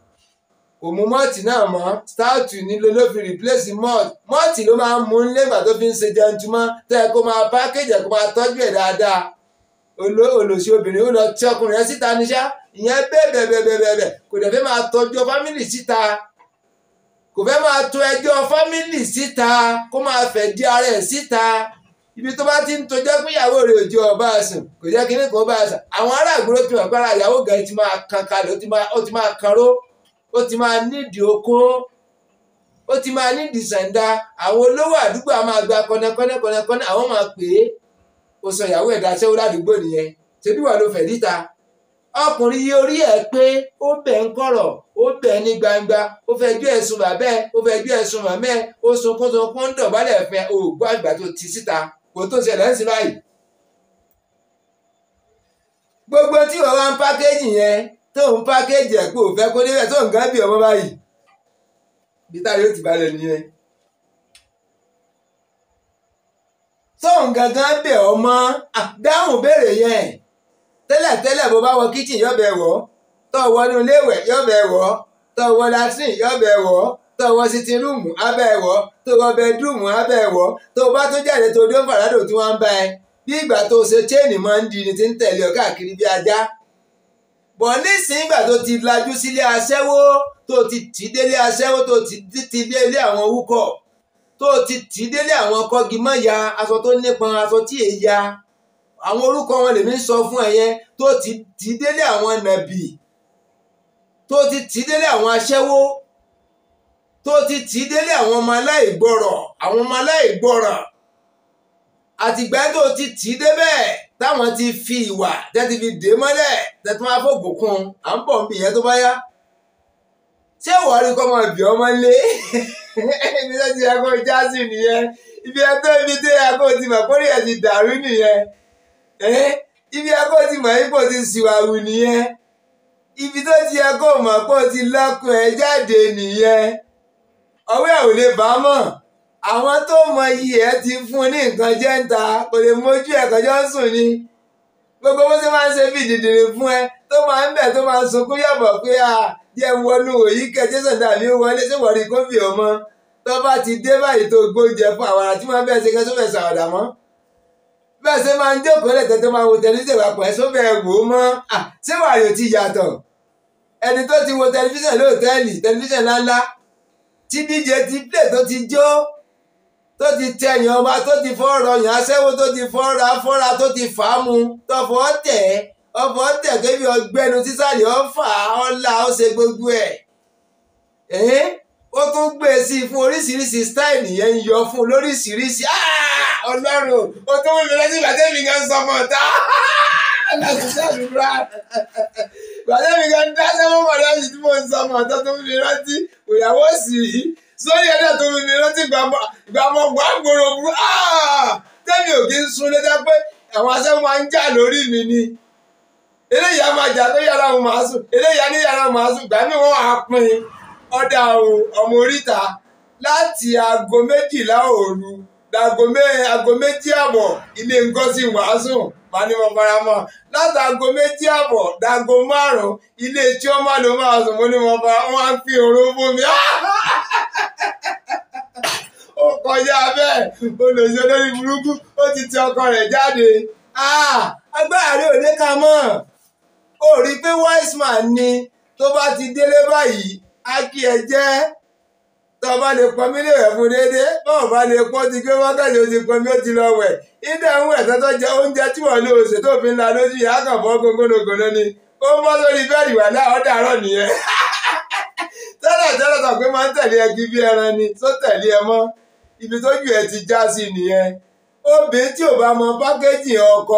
kò mú mọ́ọ̀tì náà mọ́ stáàtù nílò ló fi rìpléṣì mọ́ọ̀tì mọ́ọ̀tì ló máa ń mú nígbà tó fi ń ṣe jẹuntumọ́ tó yẹ kó máa pákéjì kó máa tọ́jú ẹ̀ dáadáa olóòlòsí obìnrin ó lọ tí ọkùnrin rẹ̀ síta níṣá ìyẹn bẹ́ẹ̀bẹ́ẹ̀bẹ́ẹ̀bẹ́ẹ̀ kò dẹ̀ fẹ́ máa tọ́jú fámìlì síta kò fẹ́ máa tó ẹjọ́ fámìlì síta kó máa fẹ́ di ara ẹ̀ síta ibi tó bá ti ń tojọ́ pé ìyàwó rẹ̀ ò ọba àsùn kò jẹ́ kí ní kò bá àsùn àwọn ará àgbúrò ti mọ̀ pé ìyàwó gan ti máa kan ó ti máa kan ó ti máa nídìí okó ó ti máa nídìí sàǹdà àwọn olówó àdúgbò á máa gba kọ́nẹ́kọ́nẹ́ kọ́nẹ́kọ́nẹ́ àwọn máa pè é ó sọ ìyàwó ẹ̀dá sẹ́wó ládùúgbò nìyẹn ṣebí wà ló fẹ̀ níta ọkùnrin yìí orí ẹ̀ pé ó bẹ̀ ń kọ̀rọ̀ ó bẹ̀ ní gbangba ó fẹ́ ju ẹ̀sùn bàbẹ́ ó fẹ́ ju ẹ̀sùn màmẹ́ ó sunkún sunkún ń dọ̀bálẹ̀ fẹ́ òògùn àgbà tó ti síta kò tó ṣẹlẹ̀ ń sí báyìí gbogbo tí wọ́n wá ń pákéjì yẹn tóun pákéjì ẹ̀ pé òun fẹ́ kó débẹ̀ tóun ọmọba bí ọmọ báyìí bí táyà yóò ti balẹ̀ nìyẹn. tóun gangan bẹ̀ ọmọ àdáhùn béèrè yẹn tẹ́lẹ̀ bó bá wọ kíchìn yọ̀bẹ̀ wọ̀ wọ inú léwẹ̀ wọ tó wọ sitin rúùmù abẹ́ wọ abẹ́ tó bá jáde bí ìgbà tó ṣe ń di ni ti ń bí ajá bọ̀ nísìnyí gbà tó ti lajú sílé aṣẹ́wó tó ti tì délé aṣẹ́wó tó ti tì délé àwọn wúkọ̀ tó ti tì délé àwọn kọ́gímọ̀ya aṣọ tó nípọn aṣọ tí èyí ya àwọn orúkọ wọn lèmi ń sọ fún ẹ yẹn tó ti tì délé àwọn nàbì tó ti tì délé àwọn aṣẹ́wó tó ti tì délé àwọn ọmọ aláìgbọràn àwọn ọmọ aláìgbọràn àtìgbà tó ti tì débẹ̀ táwọn ti fi ìwà tẹ́tí fi dè mọ́lẹ̀ tẹ́tí máa fògùn kún à ń bọ̀ nbí yẹn tó bá yá ṣé ìwọ rí kọ́ máa bì ọmọ lé ibi tó ti yẹ kó já sí nìyẹn ibi ẹtọ́ ibi tó yẹ kó ti mọ̀ kórè ẹ̀ ti dàrú nìyẹn ibi yẹ kó ti mọ̀ ipò ti ṣìwàwù nìyẹn ibi tó ti yẹ kó mọ̀ pọ̀ ti lọ́kùn ẹ̀ jáde nìyẹn ọwọ́ ẹ̀ ò lè bá mọ̀ àwọn tó mọ iyì ẹ ti fún ní nǹkan jẹ́ ń ta kò lè mójú ẹ̀ kọjọ́ sùn ni gbogbo bó ṣe máa ń ṣe bí dìdìrín fún ẹ tó máa ń bẹ̀ tó máa ń sunkún yàbọ̀ pé à jẹ́ wọnú òyì kẹjẹ sọ̀dà mi wọlé ṣé wọ́n rí kófì ọmọ tó bá ti dé báyìí tó gbóúnjẹ fún àwọn àti máa bẹ́ẹ̀ ṣe kẹ́ sófẹ̀ sàwọ̀dà mọ́ bẹ́ẹ̀ ṣe máa ń jókòó lẹ́tẹ̀ẹ́ tó máa wo tẹlifíṣàn papọ̀ ẹ̀ sófẹ̀ wò ó mọ́ ṣé wàá rí ti yàtọ̀ ẹni tó ti wo tẹlifíṣàn lóòtẹ́ẹ̀lì tẹlifíṣàn ńláńlá tí díje ti plé tó ti jó tó ti tẹ̀yàn ọba tó ti fọ́ọ̀rọ̀ yàn aṣẹ́wó tó ti fọ́ọ̀rọ̀ afọ́ra tó ti fà á mu tọ̀fọ̀ tẹ̀ ọ̀fọ̀ tẹ̀ kébi ọgbẹ́nu sísàlẹ̀ ọ̀fà ọ̀la ó ṣe gbogbo ẹ̀ ó tún gbé e sí i fún oríṣiríṣi stáìlì yẹn ń yọ fún lóríṣiríṣi ọlọ́run ó tún wípé lọ́sí ìgbàdébí kan sọ fún ọ̀tá ìgbàdébí kan dá sẹ́wọ́n mọ̀ lọ́sí tí mo sọ fún tó ń fi rántí òyàwó sì rí sórí ẹ̀dá tó mi mi rántí gbàmọ̀ gbàgbòrò burú tẹ́mi ò kí ń sun lẹ́jọ́ pé àwọn aṣẹ́ máa ń jà lórí mi ni á máa jà tó yàrá òun máa ní yàrá òun máa pin ọdá ọmọ oríta láti aago méjìlá òru dago méjì àbọ̀ ilé méjì márùn ilé tí ó má ló máa sùn mo ní mo fara wọn á fi òru fún ah! ó kọjá bẹ́ẹ̀ olùsọ lórí burúkú ó ti ti ọkọ rẹ̀ jáde agbára rẹ̀ ò lè ka mọ́ ó rí i pé wise man ni tó bá ti délé báyìí á kí ẹ jẹ́ tọba lè pọnmi lè wẹ̀ fún déédéé bọ́ọ̀ bá lè pọ́n ti gbé wákàtí o ti pọnmi ó ti lọ wẹ̀ ìdá ń wẹ̀ tọ́tọ́ jẹ oúnjẹ tí wọ́n lò ṣètò òfin la lójú yàrá kan fọ́ gógónogòno ni ó ń bọ́ sórí bẹ́ẹ̀dì wà náà ó dàárọ̀ nìyẹn tẹ́lẹ̀ tẹ́lẹ̀ tàn pé máa ń tẹ̀lé ẹ kí bí ẹran ni tó tẹ̀lé ẹ mọ́ ibi tó jù ẹ ti já sí nìyẹn obìnrin tí ò bá mọ pákéjì ọkọ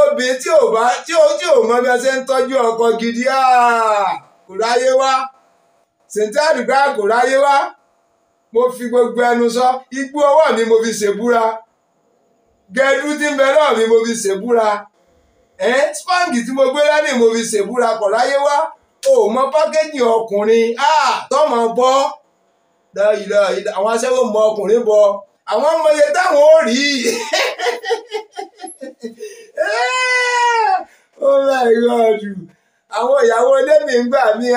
obìnrin tí ò bá tí ò tí ò mọ bí ẹ ṣe ń tọ́jú ọkọ gidi ah, kò ráyé wá sèǹtẹ́ẹ̀lì gbá kò ráyé wá mo fi gbogbo ẹnu sọ igbó ọwọ́ mi mo fi ṣèbúra gẹdú tí ń bẹ náà mi mo fi ṣèbúra ẹ spáǹgì tí mo gbé lẹ́nu mo fi ṣèbúra kò ráyé wá o mọ pákéjì ọkùnrin tọmọ bọ àwọn aṣẹ́wó mọ ọkùnrin bọ àwọn ọmọ iye táwọn ò rí oh my god àwọn ìyàwó ẹlẹ́mì ń gbà mí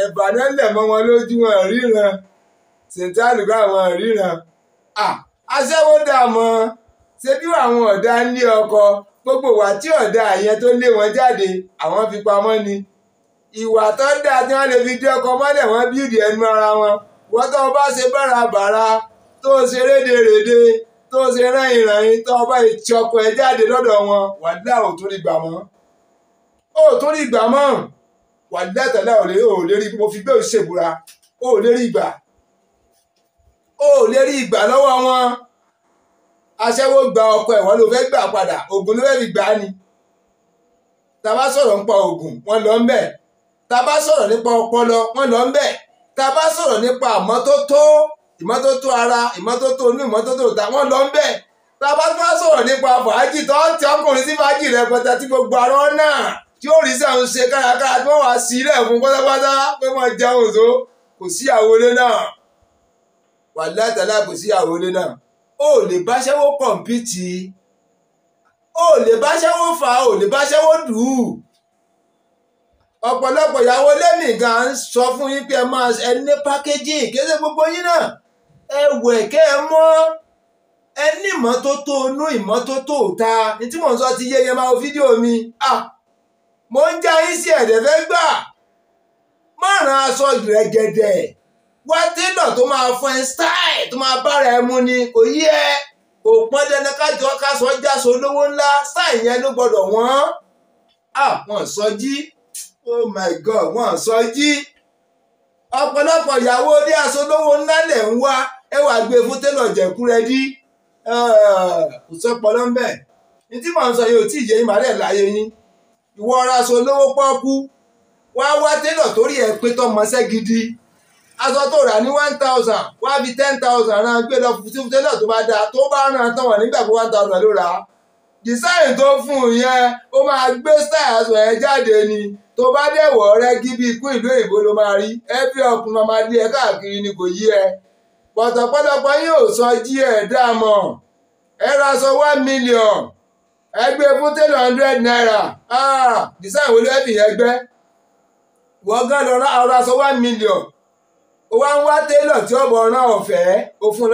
ẹ̀bà náà lẹ̀ mọ́ wọn lójú wọn ríran ṣètàlù bá wọn ríran aṣẹ́wó dà mọ́ ṣé bí àwọn ọ̀dà ń lé ọkọ gbogbo wà tí ọ̀dà yẹn tó lé wọn jáde àwọn fi pamọ́ ni ìwà tó dáa tí wọ́n lè fi dé ọkọ mọ́lẹ̀ wọ́n bíìdì ẹnu ara wọn wọ́n tó bá ṣe bárabàra tó ṣe rédèrèdè tó ṣe rán ìrànyìn tó bá ìtì ọkọ ẹ jáde lọ́dọ̀ wọn wàdílà ò tún rí gbà mọ́ ò tún rí gbà mọ́ wàdílà tẹ̀lé ò lè rí mo fi bẹ́ẹ̀ ṣèbúra ò lè rí gbà ò lè rí gbà lọ́wọ́ wọn aṣẹ́wó gba ọkọ ẹ̀ wọ́n ló fẹ́ gbà padà ògùn ló fẹ́ fi gbà á ni tàbá sọ̀rọ̀ ń pa ògùn wọn lọ ń bẹ́ẹ̀ tá a bá sọ̀rọ̀ nípa ọpọlọ wọn lọ ń bẹ̀ tá a bá sọ̀rọ̀ nípa ìmọ́tótó ìmọ́tótó ara ìmọ́tótó inú ìmọ́tótó ìta wọn lọ ń bẹ̀ tá a bá tún wá sọ̀rọ̀ nípa fàájì tó ń ti ọkùnrin sí fàájì rẹ pẹ̀tẹ́ tí gbogbo àrọ́ náà tí ó rí sẹ́wọ̀n ṣe kárakára tí wọ́n wá sí ilẹ̀ fún pátápátá pé wọ́n jẹun òzó kò sí àwọlé náà wà látàlá kò sí àwọlé náà ó lè báṣẹ́wó kọ̀m̀pìtì ó lè báṣẹ́wó fà ó lè báṣẹ́wó dùú ọ̀pọ̀lọpọ̀ ìyàwó lẹ́nìkan ń sọ fún yín pé ẹ máa ẹ ní pákéjì kéde gbogbo yín náà ẹ wẹ̀ kẹ́ ẹ mọ́ ẹ ní ìmọ́tótó inú ìmọ́tótó ta ní tí mò ń sọ ti yé yẹn máa wo fídíò mi ah mo ń já yín sí ẹ̀dẹ̀ fẹ́ gbà márùn-ún aṣọ ìrẹ́gẹ̀dẹ̀ wá tẹ́lọ̀ tó máa fún ẹ style tó máa bára ẹ mu ni kò yí ẹ kò pọ́n dandan kájọ kásọ̀ jáso olówó ńlá style yẹn ló gbọ́dọ̀ wọ́n ah wọ́n sọ jí. So oh my god wọ́n sọ jí ọ̀pọ̀lọpọ̀ ìyàwó ní aṣọ́lówó ńlá lẹ̀ ń wá ẹ wàá gbé fún tẹ́lọ̀ jẹ̀kú rẹ dí kò sọ́pọ̀ lọ́nbẹ̀ ní tí mò ń sọ yìí ò tí ì yé yín màálẹ̀ láyé yín ìwọ ọ̀rọ̀ aṣọ́lówó pọ́ọ́kú wá wá tẹ́lọ̀ torí ẹ̀ pé tọmọṣẹ́ gidi aṣọ tó rà ní one thousand wá fi ten thousand rán gbé lọ fún tẹ́lọ̀ tó bá dáa tó bá rán tán wọ̀ nígbà pé one thousand ló rà á design tó fún un yẹn ó máa gbé style aṣọ jáde ni tó bá dẹ̀wọ̀ rẹ́gí bí ikú ìlú òyìnbó ló máa rí ẹbí ọkùnrin máa ẹ káàkiri ni kò yí ẹ pọtọpọtọpọ yín ò sọ jí ẹ̀ dáàmọ̀ ẹ ra one e fún ten hundred naira ah, design wo ló ẹ̀ fìyẹn gán lọ one million ó wá ń wá télọ̀ tí ó fún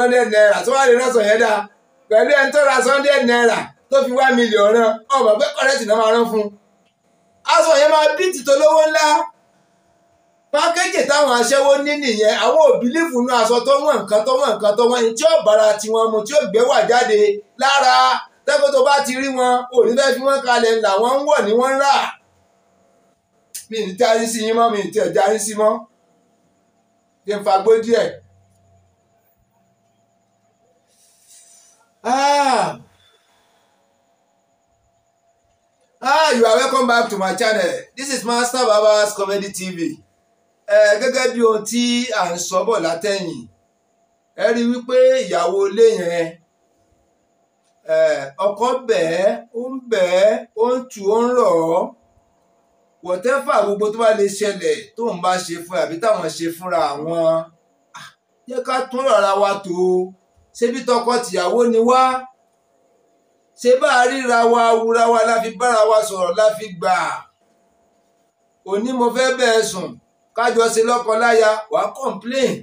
tó fi wá mílíọ̀n rán ọmọ pé kọ́rẹ́tì náà máa rán fún un aṣọ yẹn máa bí tìtọ́ lówó ńlá pákéjì táwọn aṣẹ́wó ní nìyẹn àwọn òbílífù nú aṣọ tó wọ́n nǹkan tó wọ́n nǹkan tó wọ́n ní tí ó bára tiwọn mu tí ó gbé wà jáde lára tẹ́kọ̀ tó bá ti rí wọn òní fẹ́ fi wọ́n kalẹ̀ ńlá wọ́n ń wọ̀ ní wọ́n ń rà mi ní tí a rí sí yín mọ́ mi ní tí ẹ̀já rí sí mọ́ kí n fagbó díẹ̀. Ah! ah you are welcome back to my channel this is master baba's comedy tv ẹ gẹ́gẹ́ bí ohun tí à ń sọ bọ̀ látẹ̀yìn ẹ rí i wípé ìyàwó ilé yẹn ọkọ bẹ́ẹ̀ ó ń bẹ́ẹ̀ ó ń tù ó ń rọ̀ ọ́ wọ̀tẹ́fà gbogbo tó bá lè ṣẹlẹ̀ tó ń bá ṣe fún àbí táwọn ṣe fúnra àwọn ah, jẹ́ ká tún rárá wa tó ṣebí tọkọ tìyàwó ni wá ṣe bá a ríra wa wúra wa la fi bára wa sọ̀rọ̀ la fi gbà òní mo fẹ́ bẹ́ẹ̀ sùn kájọ ṣe lọ́kọ-láya wà á complain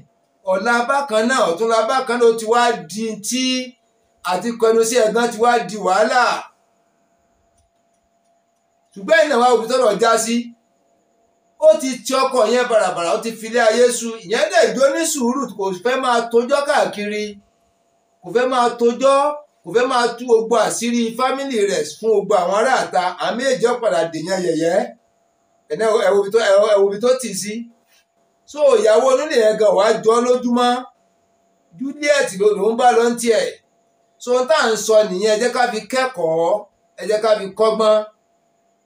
ọ̀la bákan náà ọ̀túnla bákan náà ó ti wá di tí àti kọnu sí ẹ̀gán ti wá di wàhálà ṣùgbọ́n ìnáwó òbí tọ́lọ̀ já sí ó ti ti ọkọ yẹn bàràbàrà ó ti filé ayé su ìyẹn dẹ̀ jó ní sùúrù kò fẹ́ máa tójọ́ káàkiri kò fẹ́ máa tójọ́ kò fẹ́ máa tú gbogbo àṣírí fámìlì rẹ̀ fún gbogbo àwọn aráàta àmì èjì ọ̀padà dèèyàn yẹ̀yẹ́ ẹ̀wòbí tó tì sí. so ìyàwó onílé yẹn gan wàá jọ lójúmọ́ Juliet ló ń bá lọ ń tiẹ̀ so tá à ń sọ nìyẹn ẹ jẹ́ ká fi kẹ́kọ̀ọ́ ẹ jẹ́ ká fi kọ́gbọ́n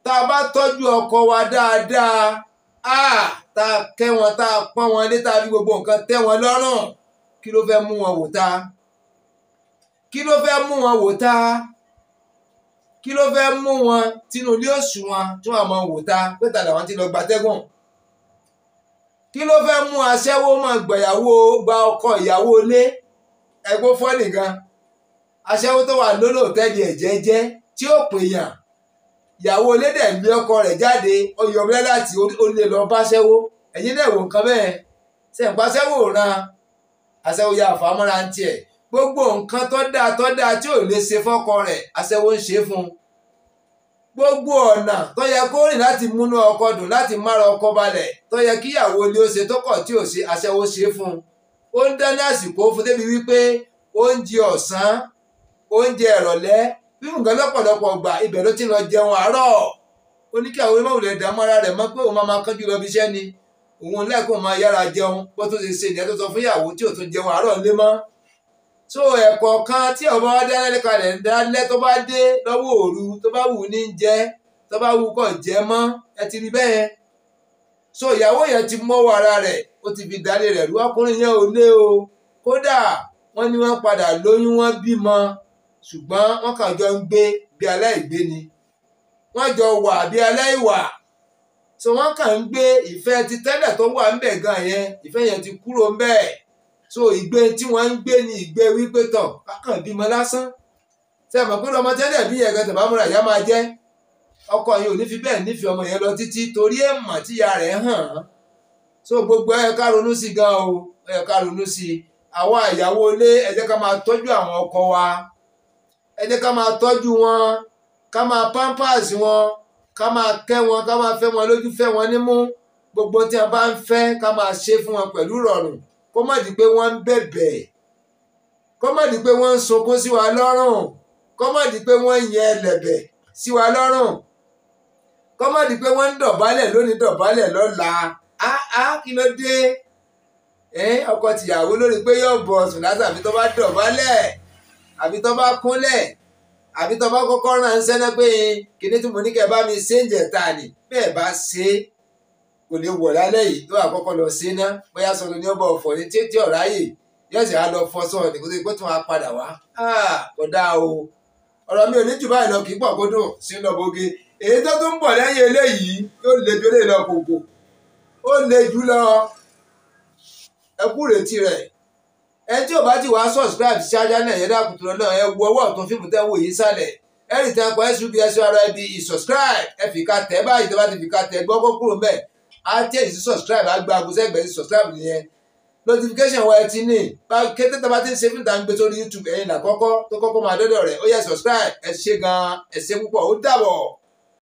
tá a bá tọ́jú ọkọ wa dáadáa a tá a kẹ́ wọn tá a pọ́n wọn lé tá a fi gbogbo nǹkan tẹ́ wọn lọ́rùn kí ló fẹ́ mú wọn wò ta kí ló fẹ́ mú wọn wò ta kí ló fẹ́ mú wọn tínú ilé òṣù wọn tí wọ́n máa wò ta pé tàdà wọn ti lọ gbatẹ́gùn kí ló fẹ́ mú aṣẹ́wó máa gbẹ̀yàwó gba ọkọ ìyàwó ilé ẹgbó fọ́ọ̀lì gan aṣẹ́wó tó wà lólòtẹ́ẹ̀lì ẹ̀jẹ̀ jẹ́ tí ó pè yàn ìyàwó ilé dẹ̀ gbé ọkọ rẹ̀ jáde ọyọ̀bẹ láti olè lọ báṣẹ́wó ẹ̀yin náà wò nǹkan bẹ́ẹ̀ ṣe ń pàṣẹ́wò ran aṣẹ́wó yà fàámọ́ra ń tiẹ̀ gbogbo nǹkan tó dáa tó dáa tí ò lè ṣe fọ́kọ rẹ̀ aṣẹ́wó ń ṣe fún un gbogbo ọ̀nà tó yẹ kó rìn láti múnú ọkọ dùn láti mára ọkọ balẹ̀ tó yẹ kíyàwó ilé ó ṣe tó kọ̀ tí ò ṣe aṣẹ́wó ṣe fún un ó ń dáná àsìkò fún débi wípé oúnjẹ ọ̀sán oúnjẹ ìrọ̀lẹ́ fífún nǹkan lọ́pọ̀lọpọ̀ gbà ibẹ̀ ló ti lọ jẹun àárọ̀ ó ní kí àwọn onímọ̀ òwúlẹ̀ dààmú ara rẹ̀ mọ́ pé òun máa kánjú lọ bí iṣẹ́ ni òun lẹ́kùn máa yára jẹun bó tó ṣe ṣe ìyá tó sọ fún ìyàwó tí ò tún jẹun àárọ̀ lé mọ́ so ẹ̀kọ́ kan tí ọba wa dálẹ́ kalẹ̀ ń dálẹ́ tó bá dé lọ́wọ́ òru tó bá wù ní jẹ tó bá wù kọ̀ jẹ mọ́ ẹ ti rí bẹ́ẹ̀ so ìyàwó yẹn ti mọ́wọ́ ara rẹ̀ ó ti fi dálé rẹ̀ rú ọkùnrin yẹn ò lé o kódà wọ́n ní wọ́n padà lóyún wọ́n bímọ ṣùgbọ́n wọ́n kàn jọ ń gbé bí aláìgbé ni wọ́n jọ wà bí aláìwà so wọ́n kàn ń gbé ìfẹ́ ti tẹ́lẹ̀ tó wà ń bẹ̀ gan yẹn ìfẹ́ yẹn ti kúrò ń bẹ́ẹ̀ so ìgbé tí wọ́n ń gbé ni ìgbé wípé tọ̀ kákan bímọ lásán ṣe mọ̀ pé ọmọ tẹ́lẹ̀ bí ẹ̀gẹ́ tẹ̀ bá múra ìyá máa jẹ́ ọkọ yìí ò ní fi bẹ́ẹ̀ nífẹ̀ẹ́ ọmọ yẹn lọ títí torí ẹ̀ mọ̀ tí ya rẹ̀ hàn án so gbogbo ẹ̀ ká ronú sí gan o ẹ̀ ká ronú sí àwọn ìyàwó ilé ẹ jẹ́ ká máa tọ́jú àwọn ọkọ wa ẹ jẹ́ ká máa tọ́jú wọn ká máa pampers wọn ká máa kẹ́ wọn ká máa fẹ́ wọn lójú fẹ́ wọn nímú gbogbo tí a bá ń fẹ́ ká máa ṣe fún wọn pẹ̀lú rọrùn kó má di pé wọ́n ń bẹ̀bẹ̀ kó má di pé wọ́n ń sunkún sí wa lọ́rùn kó má di pé wọ́n ń yẹ ẹlẹ̀bẹ̀ sí wa lọ́rùn kó má di pé wọ́n ń dọ̀bálẹ̀ lónìí dọ̀bálẹ̀ lọ́la áá kí ló dé ọkọ tìyàwó lórí pé yóò bọ̀ sùn láti àfi tó bá dọ̀bálẹ̀ àfi tó bá kúnlẹ̀ àfi tó bá kọ́kọ́ ránṣẹ́ náà pé kíní tí mo ní kẹ́ bá mi ṣe ń jẹ̀ta ni bẹ́ẹ̀ bá ṣe é kò lè wọ̀ lálẹ́ yìí tó àkọ́kọ́ lọ sí iná bóyá sọ̀rọ̀ ní ọba ọ̀fọ̀ ní tètè ọ̀ráyè yóò sì á lọ fọṣọ nìkan tó tún wa padà wá ah, kò dáa o ọ̀rọ̀ mi ò ní jù báyìí lọ kì í pọ̀ gbódò sí lọ bóge èyí tó tún ń bọ̀ lẹ́yìn eléyìí yóò le ju eléyìí lọ kòkò ó le jù lọ ẹkú retí rẹ̀ ẹ tí ò bá ti wá subscribe sí ajá náà yẹn dákùtù lọ́nà ẹ wo ọwọ́ ọ̀tún fíìmù tẹ́ wò yìí sálẹ̀ ẹ rí tẹ́ pa SUBSURIB subscribe ẹ fìkà tẹ́ báyìí tó bá kúrò mẹ́ẹ̀ á tẹ̀ sí subscribe á gba agogo sẹ́gbẹ̀ẹ́ sí subscribe nìyẹn notification wa ẹ ti ní kété tó bá ti ń ṣe fíntà ń gbé sórí YouTube ẹ̀yin là kọ́kọ́ tó kọ́kọ́ máa dọ́dọ̀ rẹ̀ ó yẹ subscribe ẹ ṣe gan-an ẹ ṣe púpọ̀ ó dàbọ̀.